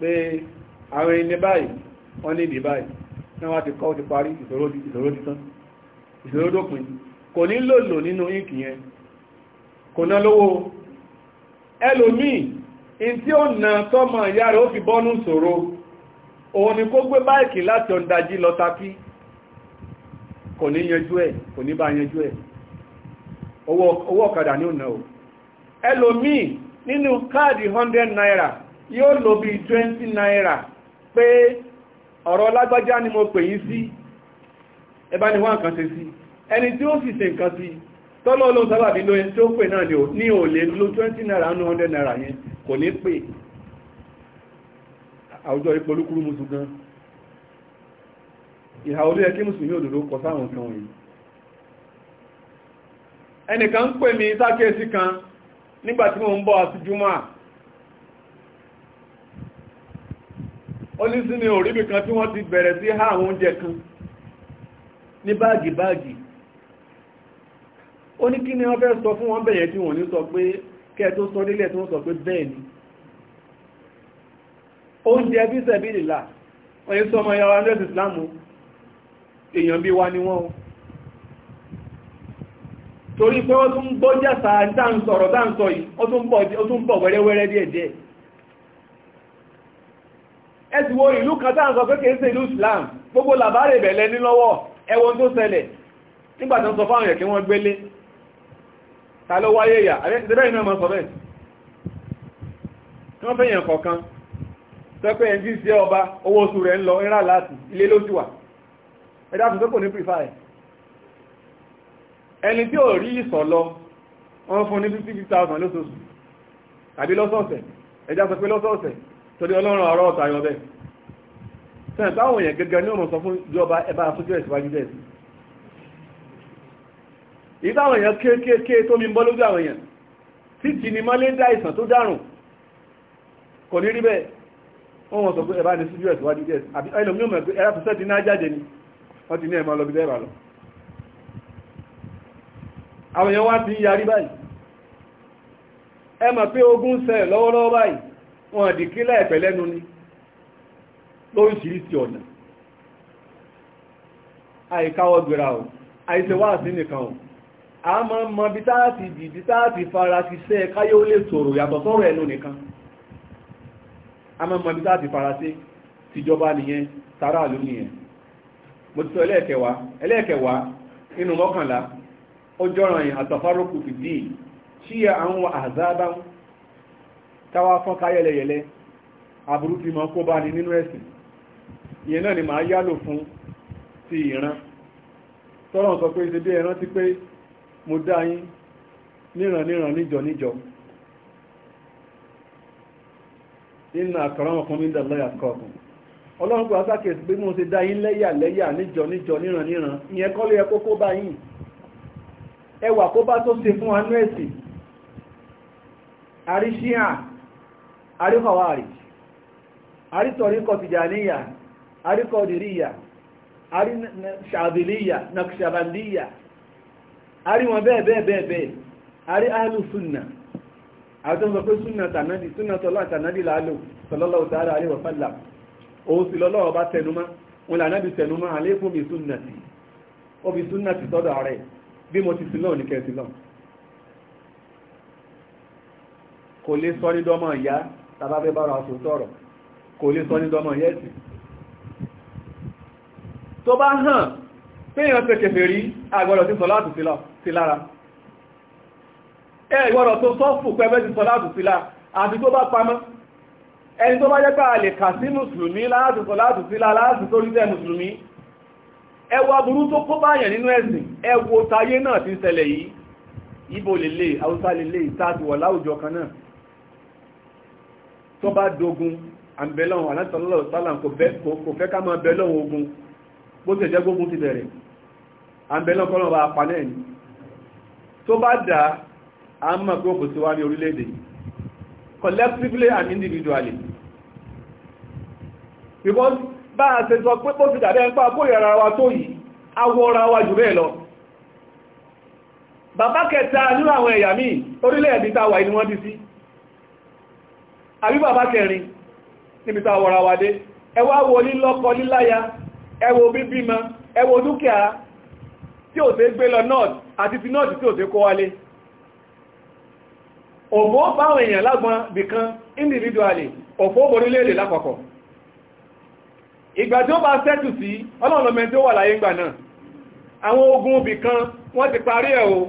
pé àwọn ẹni báyìí wọ́n ní ìdí báyìí náà wá ti kọ́ ti parí ìṣòro ti ìṣòro dópin kò ní lòlò nínú ink yẹn kò ná lówó ẹlòmíì in tí ó na tọ́mọ ìyá rẹ̀ ó fi bọ́nú ṣòro òun ni kó gbé báìkì láti ọ̀ndají lọ tapí kò ní yanjú ẹ̀ kò ní bá yanjú ẹ̀ owó ọ̀kadà ní òun náà ẹlòmíì nínú káàdì 100 naira yóò lò bí twenty naira pé ọ̀rọ̀ lágbájá ni mo pè yín sí ẹbá ni wọ́n kan ṣe sí ẹni tí ó sì se nǹkan sí tọ́lọ́ olóhun sábàbí lóyìn tí ó pè náà ní òlè ló twenty naira ní 100 naira yẹn kò ní pè àwùjọ ipò olúkúrú musu gan ìhà ẹkí òdòdó kọ sáwọn nǹkan wọ̀nyí ẹnìkan ń pè mí kan mo ń ó ní sí ni kan tí wọ́n ti bẹ̀rẹ̀ sí ha oúnjẹ kan ní báàgì báàgì ó ní ni wọ́n fẹ́ sọ fún wọn bẹ̀yẹ̀ tí wọ́n ní sọ pé kẹ́ tó sọ nílẹ̀ tí wọ́n sọ pé bẹ́ẹ̀ ni oúnjẹ bí sẹ̀bí nìlá wọ́n yí islamu wa ni ẹ̀sì wo ìlú kan tá à ń sọ pé kìí ṣe ìlú Islam gbogbo làbárè ìbẹ̀lẹ̀ ní lọ́wọ́ ẹwọ́n tó ṣẹlẹ̀ nígbà tó ń sọ fáwọn èèyàn kí wọ́n gbélé ta ló wáyé ìyà àbẹ́sẹ̀bẹ́ iná mọ́ sọ bẹ́ẹ̀ tí wọ́n fẹ́yàn kọ̀ọ̀kan tó pé ẹni tí ń ṣe ọba owó oṣù rẹ̀ ń lọ ńlá láti ilé ló sì wà ẹ̀dá tó kò ní pìfà ẹ̀ ẹni tí ò rí ìsọ̀ lọ wọ́n fún ní 50,000 lóṣooṣù tàbí lọ́sọ̀ọ̀sẹ̀ ẹ̀dá sọ pé lọ́sọ̀ọ̀sẹ̀ torí ọlọ́run ọ̀rọ̀ ọ̀tà yọ bẹ́ẹ̀ sẹ́yìn táwọn èèyàn gẹ́gẹ́ ní ọ̀nà sọ fún ìjọba ẹbá sójú ẹ̀ síwájú bẹ́ẹ̀ sí èyí táwọn èèyàn kéékèèké tó mi ń bọ́ lójú àwọn èèyàn tí tì ní mọ́lé dá ìsàn tó dárùn kò ní rí bẹ́ẹ̀ wọ́n wọ́n sọ pé ẹbá ní sójú bẹ́ẹ̀ sí àbí ẹlòmí ò mọ̀ pé ẹ̀rá pẹ̀sẹ̀ ti ní ajáde ni wọ́n ti ní ẹ̀mọ́ lọ bí bẹ́ẹ̀ bá lọ àwọn èèyàn wá ti yarí báyìí ẹ pé ogún sẹ́ẹ̀ lọ́wọ́lọ́wọ́ báyìí wọn àdìkílẹ̀ ẹ̀pẹ̀ lẹ́nu ni lóríṣìíríṣìí ọ̀nà àìkáwọ́ gbéra ọ̀ àìsẹ̀wáàsí nìkan ọ̀ a mọ́ mọ́ bí táàtì dìdí táàtì fara ti sẹ́ káyé ó lè sọ̀rọ̀ yàtọ̀ sọ́rọ̀ ẹnu nìkan a mọ́ mọ́ bí táàtì fara sí tìjọba nìyẹn tara nìyẹn mo ti sọ ẹlẹ́ẹ̀kẹwàá ẹlẹ́ẹ̀kẹwàá inú mọ́kànlá ó jọ́ràn káwá fọ́n ká yẹlẹyẹlẹ aburú ti mọ́ kó bá ní nínú ẹ̀sìn ìyẹn náà ni màá yálò fún ti ìran tọ́lọ̀ sọ pé ṣe bí ẹran ti pé mo dá yín níran níran níjọ níjọ inna akramakum inda Allahi atqakum ọlọ́run pé asákèsí pé mo ṣe dá yín lẹ́yà lẹ́yà níjọ níjọ níran níran ìyẹn kọ́ ló yẹ kókó bá yín ẹwà kó bá tó ṣe fún ẹ̀sìn àríṣíà àrí ari tìjàníyà àrí kọdìríyà àrí ṣàbìlíyà nàkṣàbàndíyà àrí wọn àrí ahlu súnà àwọn tó tànádì súnà tọ́lá tànádì lálò sallallahu ta'ala ti kò lè sọ ní dọ́mọ̀ tàbábẹ́ bára ọ̀sùn tọ́rọ̀ kò lè sọ ní dọmọ yẹ́sì tó bá hàn péyàn tẹ kẹfẹ̀ rí àgbọ̀rọ̀ tí sọ́láàtù sí lára ẹ ìgbọ̀rọ̀ tó sọ́fù pẹ́bẹ́ ti sọ́láàtù sí lára àti tó bá pamọ́ ẹni tó bá jẹ́ pé a lè kà sí mùsùlùmí láàtù sọ́láàtù sí lára láàtù ibo lè lè haúsá lè lè ìtàtìwọ̀ tó bá dogun àbẹ̀lọ́wọ̀n alátọ́lọ́lọ́ sálà kò fẹ́ ká máa bẹ̀lọ́wọ̀n ogun bó tẹ̀ jẹ́ gbógun ti bẹ̀rẹ̀ àbẹ̀lọ́wọ̀n kọ́lọ̀ bá pa náà ni tó collectively and individually because bá a ṣe sọ pé bóti dàbẹ́ ń pa kórìíra wa tó yìí awọra wa jù bẹ́ẹ̀ lọ bàbá kẹta nínú àwọn ẹ̀yà míì orílẹ̀-èdè táwa ni wọ́n sí àbí bàbá kẹrin níbi tá wọ́ra wa dé ẹ wá wo lílọ́kọ líláya ẹ wo bíbímọ ẹ wo dúkìá tí ò tẹ́ gbé lọ north àti ti north tí ò tẹ́ kó wálé òbó báwọn èèyàn lágbọn bìkan individually òfó borílẹ̀-èdè lápapọ̀ ìgbà tí ó bá sẹ́tù sí ọlọ́ọ̀lọ́mẹ́ tí ó wà láyé ìgbà náà àwọn ogun bìkan wọ́n ti parí ẹ̀ o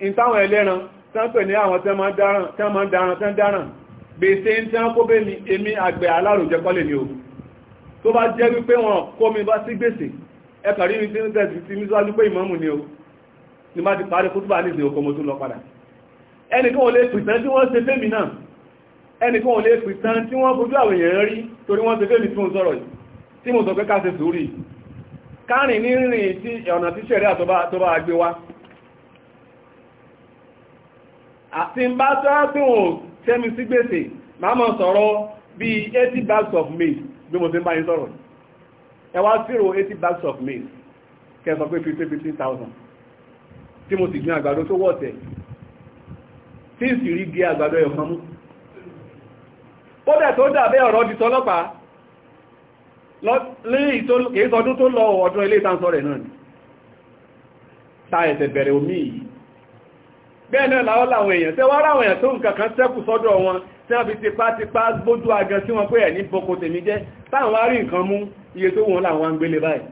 ìtàwọn ẹlẹ́ran tán pè ní àwọn tán máa dáràn tán dáràn gbèsè ń tán kó bẹ́ mi èmi àgbẹ̀ alárùnjẹ kọ́lẹ̀ ni o tó bá jẹ́ wípé wọn kó mi bá sí gbèsè ẹkàrí mi tí ń tẹ̀sí ti mísọ́jú pé ìmọ̀mù ni o ni má ti parí kó túbà nísìn okòmò tó lọ padà ẹnìkan ò lè pìtàn tí wọ́n ṣe fẹ́mi náà ẹnìkan ò lè pìtàn tí wọ́n fojú àwọn èèyàn rí torí wọ́n ṣe fẹ́mi tí mo sọ̀rọ̀ yìí tí mo sọ pé ká ṣe sùúrì kárìn ní rìn tí ọ̀nà àti ń bá tọ́ tí wọ́n tẹ́mi sí gbèsè máa mọ̀ sọ̀rọ̀ bí 80 bags of maize bí mo ti ń bá yín sọ̀rọ̀ ẹ wá zero 80 bags of maize kẹsọ pé 15 15,000 tí mo sì gbin àgbàdo tó wọ̀tẹ̀ tí sì rí gé àgbàdo ẹ̀kan mú ó dẹ̀ tó dàbẹ́ ọ̀rọ̀ di tọ́lọ́pàá lẹ́yìn ìtọ́dún tó lọ ọ̀dún ilé ìtànsọ́ rẹ̀ náà ni ta ẹ̀sẹ̀ bẹ̀rẹ̀ omi yìí bẹ́ẹ̀ náà láwọ́ láwọn èèyàn tẹ́ wá ráwọn èèyàn tó nǹkan kan ṣẹ́kù sọ́dọ̀ wọn tí wọ́n fi tipátipá gbójú agan tí wọ́n pé ẹ̀ ní boko tèmi jẹ́ táwọn wá rí nǹkan mú iye tó wọn láwọn ń gbélé báyìí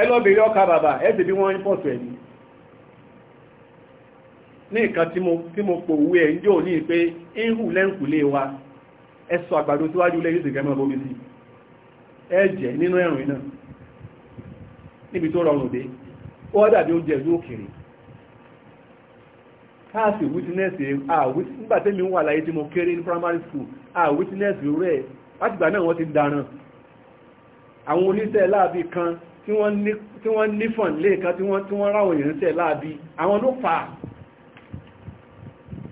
ẹ lọ bèèrè ọkà bàbà ẹ sì bí wọ́n ń pọ̀tù ẹ̀mí ní nǹkan tí mo pòwú ẹ̀ ń jò ní pé ihu lẹ́ǹkù lé wa ẹ sọ àgbàdo síwájú lẹ́yìn sì gẹ́mọ́ bóbi sí ẹ jẹ́ nínú ẹ̀rùn náà níbi tó rọrùn dé ó dàbí oúnjẹ ìlú òkèèrè káàsì witness nígbàtẹ́mi wà láyé tí mo kéré ní primary school a witness rẹ̀ látìgbà náà wọ́n ti dáràn àwọn oníṣẹ́ láàbí kan tí wọ́n nífàn lẹ́ẹ̀kan tí wọ́n ráwọ̀ èèyàn tẹ̀ láàbí àwọn ló fà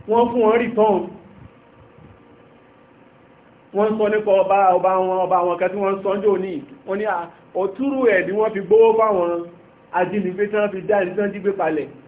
wọ́n fún wọn rí tán wọ́n sọ nípa ọba ọba wọn ọba wọn kẹ́ tí wọ́n sọ jò ní wọ́n ní ọ̀túrú ẹ̀ ni wọ́n fi gbówó fáwọn ajínigbé tí wọ́n fi dá ìdíjọ́ jígbé palẹ̀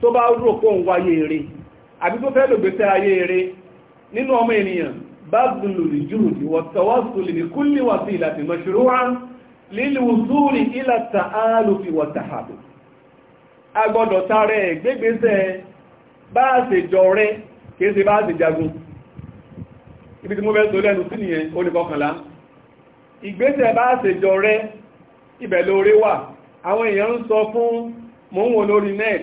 tó bá rò pọ̀ ń wáyé eré àbí tó fẹ́ lògbèsè ayé eré nínú ọmọ ènìyàn bá zùlù lè jùrùdì wọ̀tọ̀wọ́sùlì ní kúlì wà sí ìlàtì mọ̀ṣùrúwá lílùsúrì ìlàtà áàlùfì wọ̀tàhàbù agbọ́dọ̀ tààrẹ gbégbésẹ̀ bá ṣe jọ rẹ kìí ṣe bá ṣe jagun ibi àwọn èèyàn ń sọ fún mò lórí net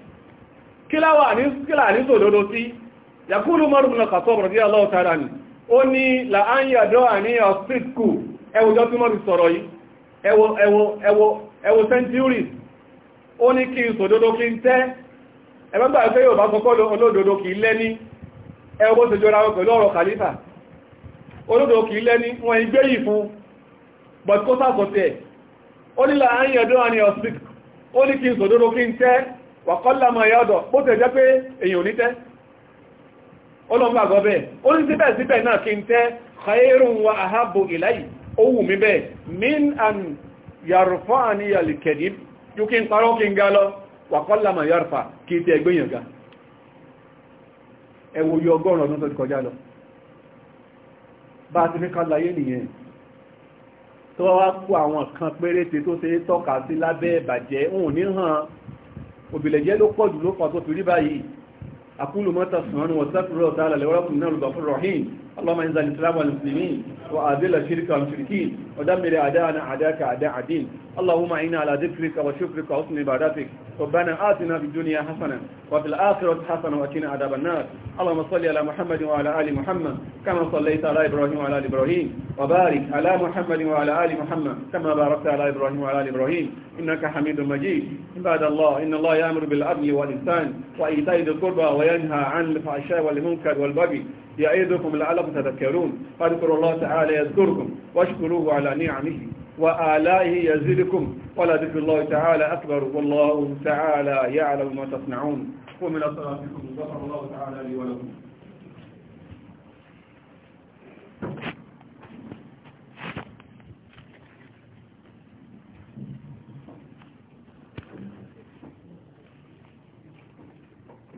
kíláwà ní kílà ní sòdodo sí yakúlù mọ́rùn-ún kàtọ́ rọ̀dí aláwọ̀tára ni ó ní làáyàdọ́ àníyàn síkù ẹwùjọ́ tí mọ́rùn sọ̀rọ̀ yìí ẹwọ centuries ó ní kí sòdodo kí ń tẹ́ ẹgbẹ́gbà ẹgbẹ́ yóò bá kọ́kọ́ olódodo kì í lẹ́ni ẹwọ́ tó jọra wọn pẹ̀lú ọ̀rọ̀ kàlífà olódodo kì í lẹ́ni wọn igbé yìí fún but kó sàkọ̀tẹ̀ ó wàkọ́lá ma ya ọ̀dọ̀ bó tẹ̀ jẹ́ pé èyàn ò ní tẹ́ ọlọ́gbàgọ́ bẹ́ẹ̀ ó ní síbẹ̀ síbẹ̀ náà kí n tẹ́ khairun wa ahabu ilayi owó mi bẹ́ẹ̀ min an yarfa ni alikẹ̀dí yóò kí n parọ́ kí n ga lọ wàkọ́lá òbìlẹ̀jẹ́ ló pọ̀jù ló fà tó fi rí báyìí akúlùmọ́ta sùnmọ́nù wọ̀sáfúrọ̀ tààlà lẹ́wọ́rọ̀kùn náà lùbàfúrọ̀ rahim اللهم انزل الاسلام والمسلمين واذل الشرك والمشركين ودمر اعداءنا اعداءك اعداء الدين اللهم اعنا على ذكرك وشكرك وحسن عبادتك ربنا آتنا في الدنيا حسنه وفي الاخره حسنه وقنا عذاب النار اللهم صل على محمد وعلى ال محمد كما صليت على ابراهيم وعلى ال ابراهيم وبارك على محمد وعلى ال محمد كما باركت على ابراهيم وعلى ال ابراهيم انك حميد مجيد عباد الله ان الله يامر بالعدل والاحسان وايتاء ذي القربى وينهى عن الفحشاء والمنكر والبغي يعيدكم لعلكم تذكرون فاذكروا الله تعالى يذكركم واشكروه على نعمه وآلائه ولا ولذكر الله تعالى أكبر والله تعالى يعلم ما تصنعون ومن صلاتكم غفر الله تعالى لي ولكم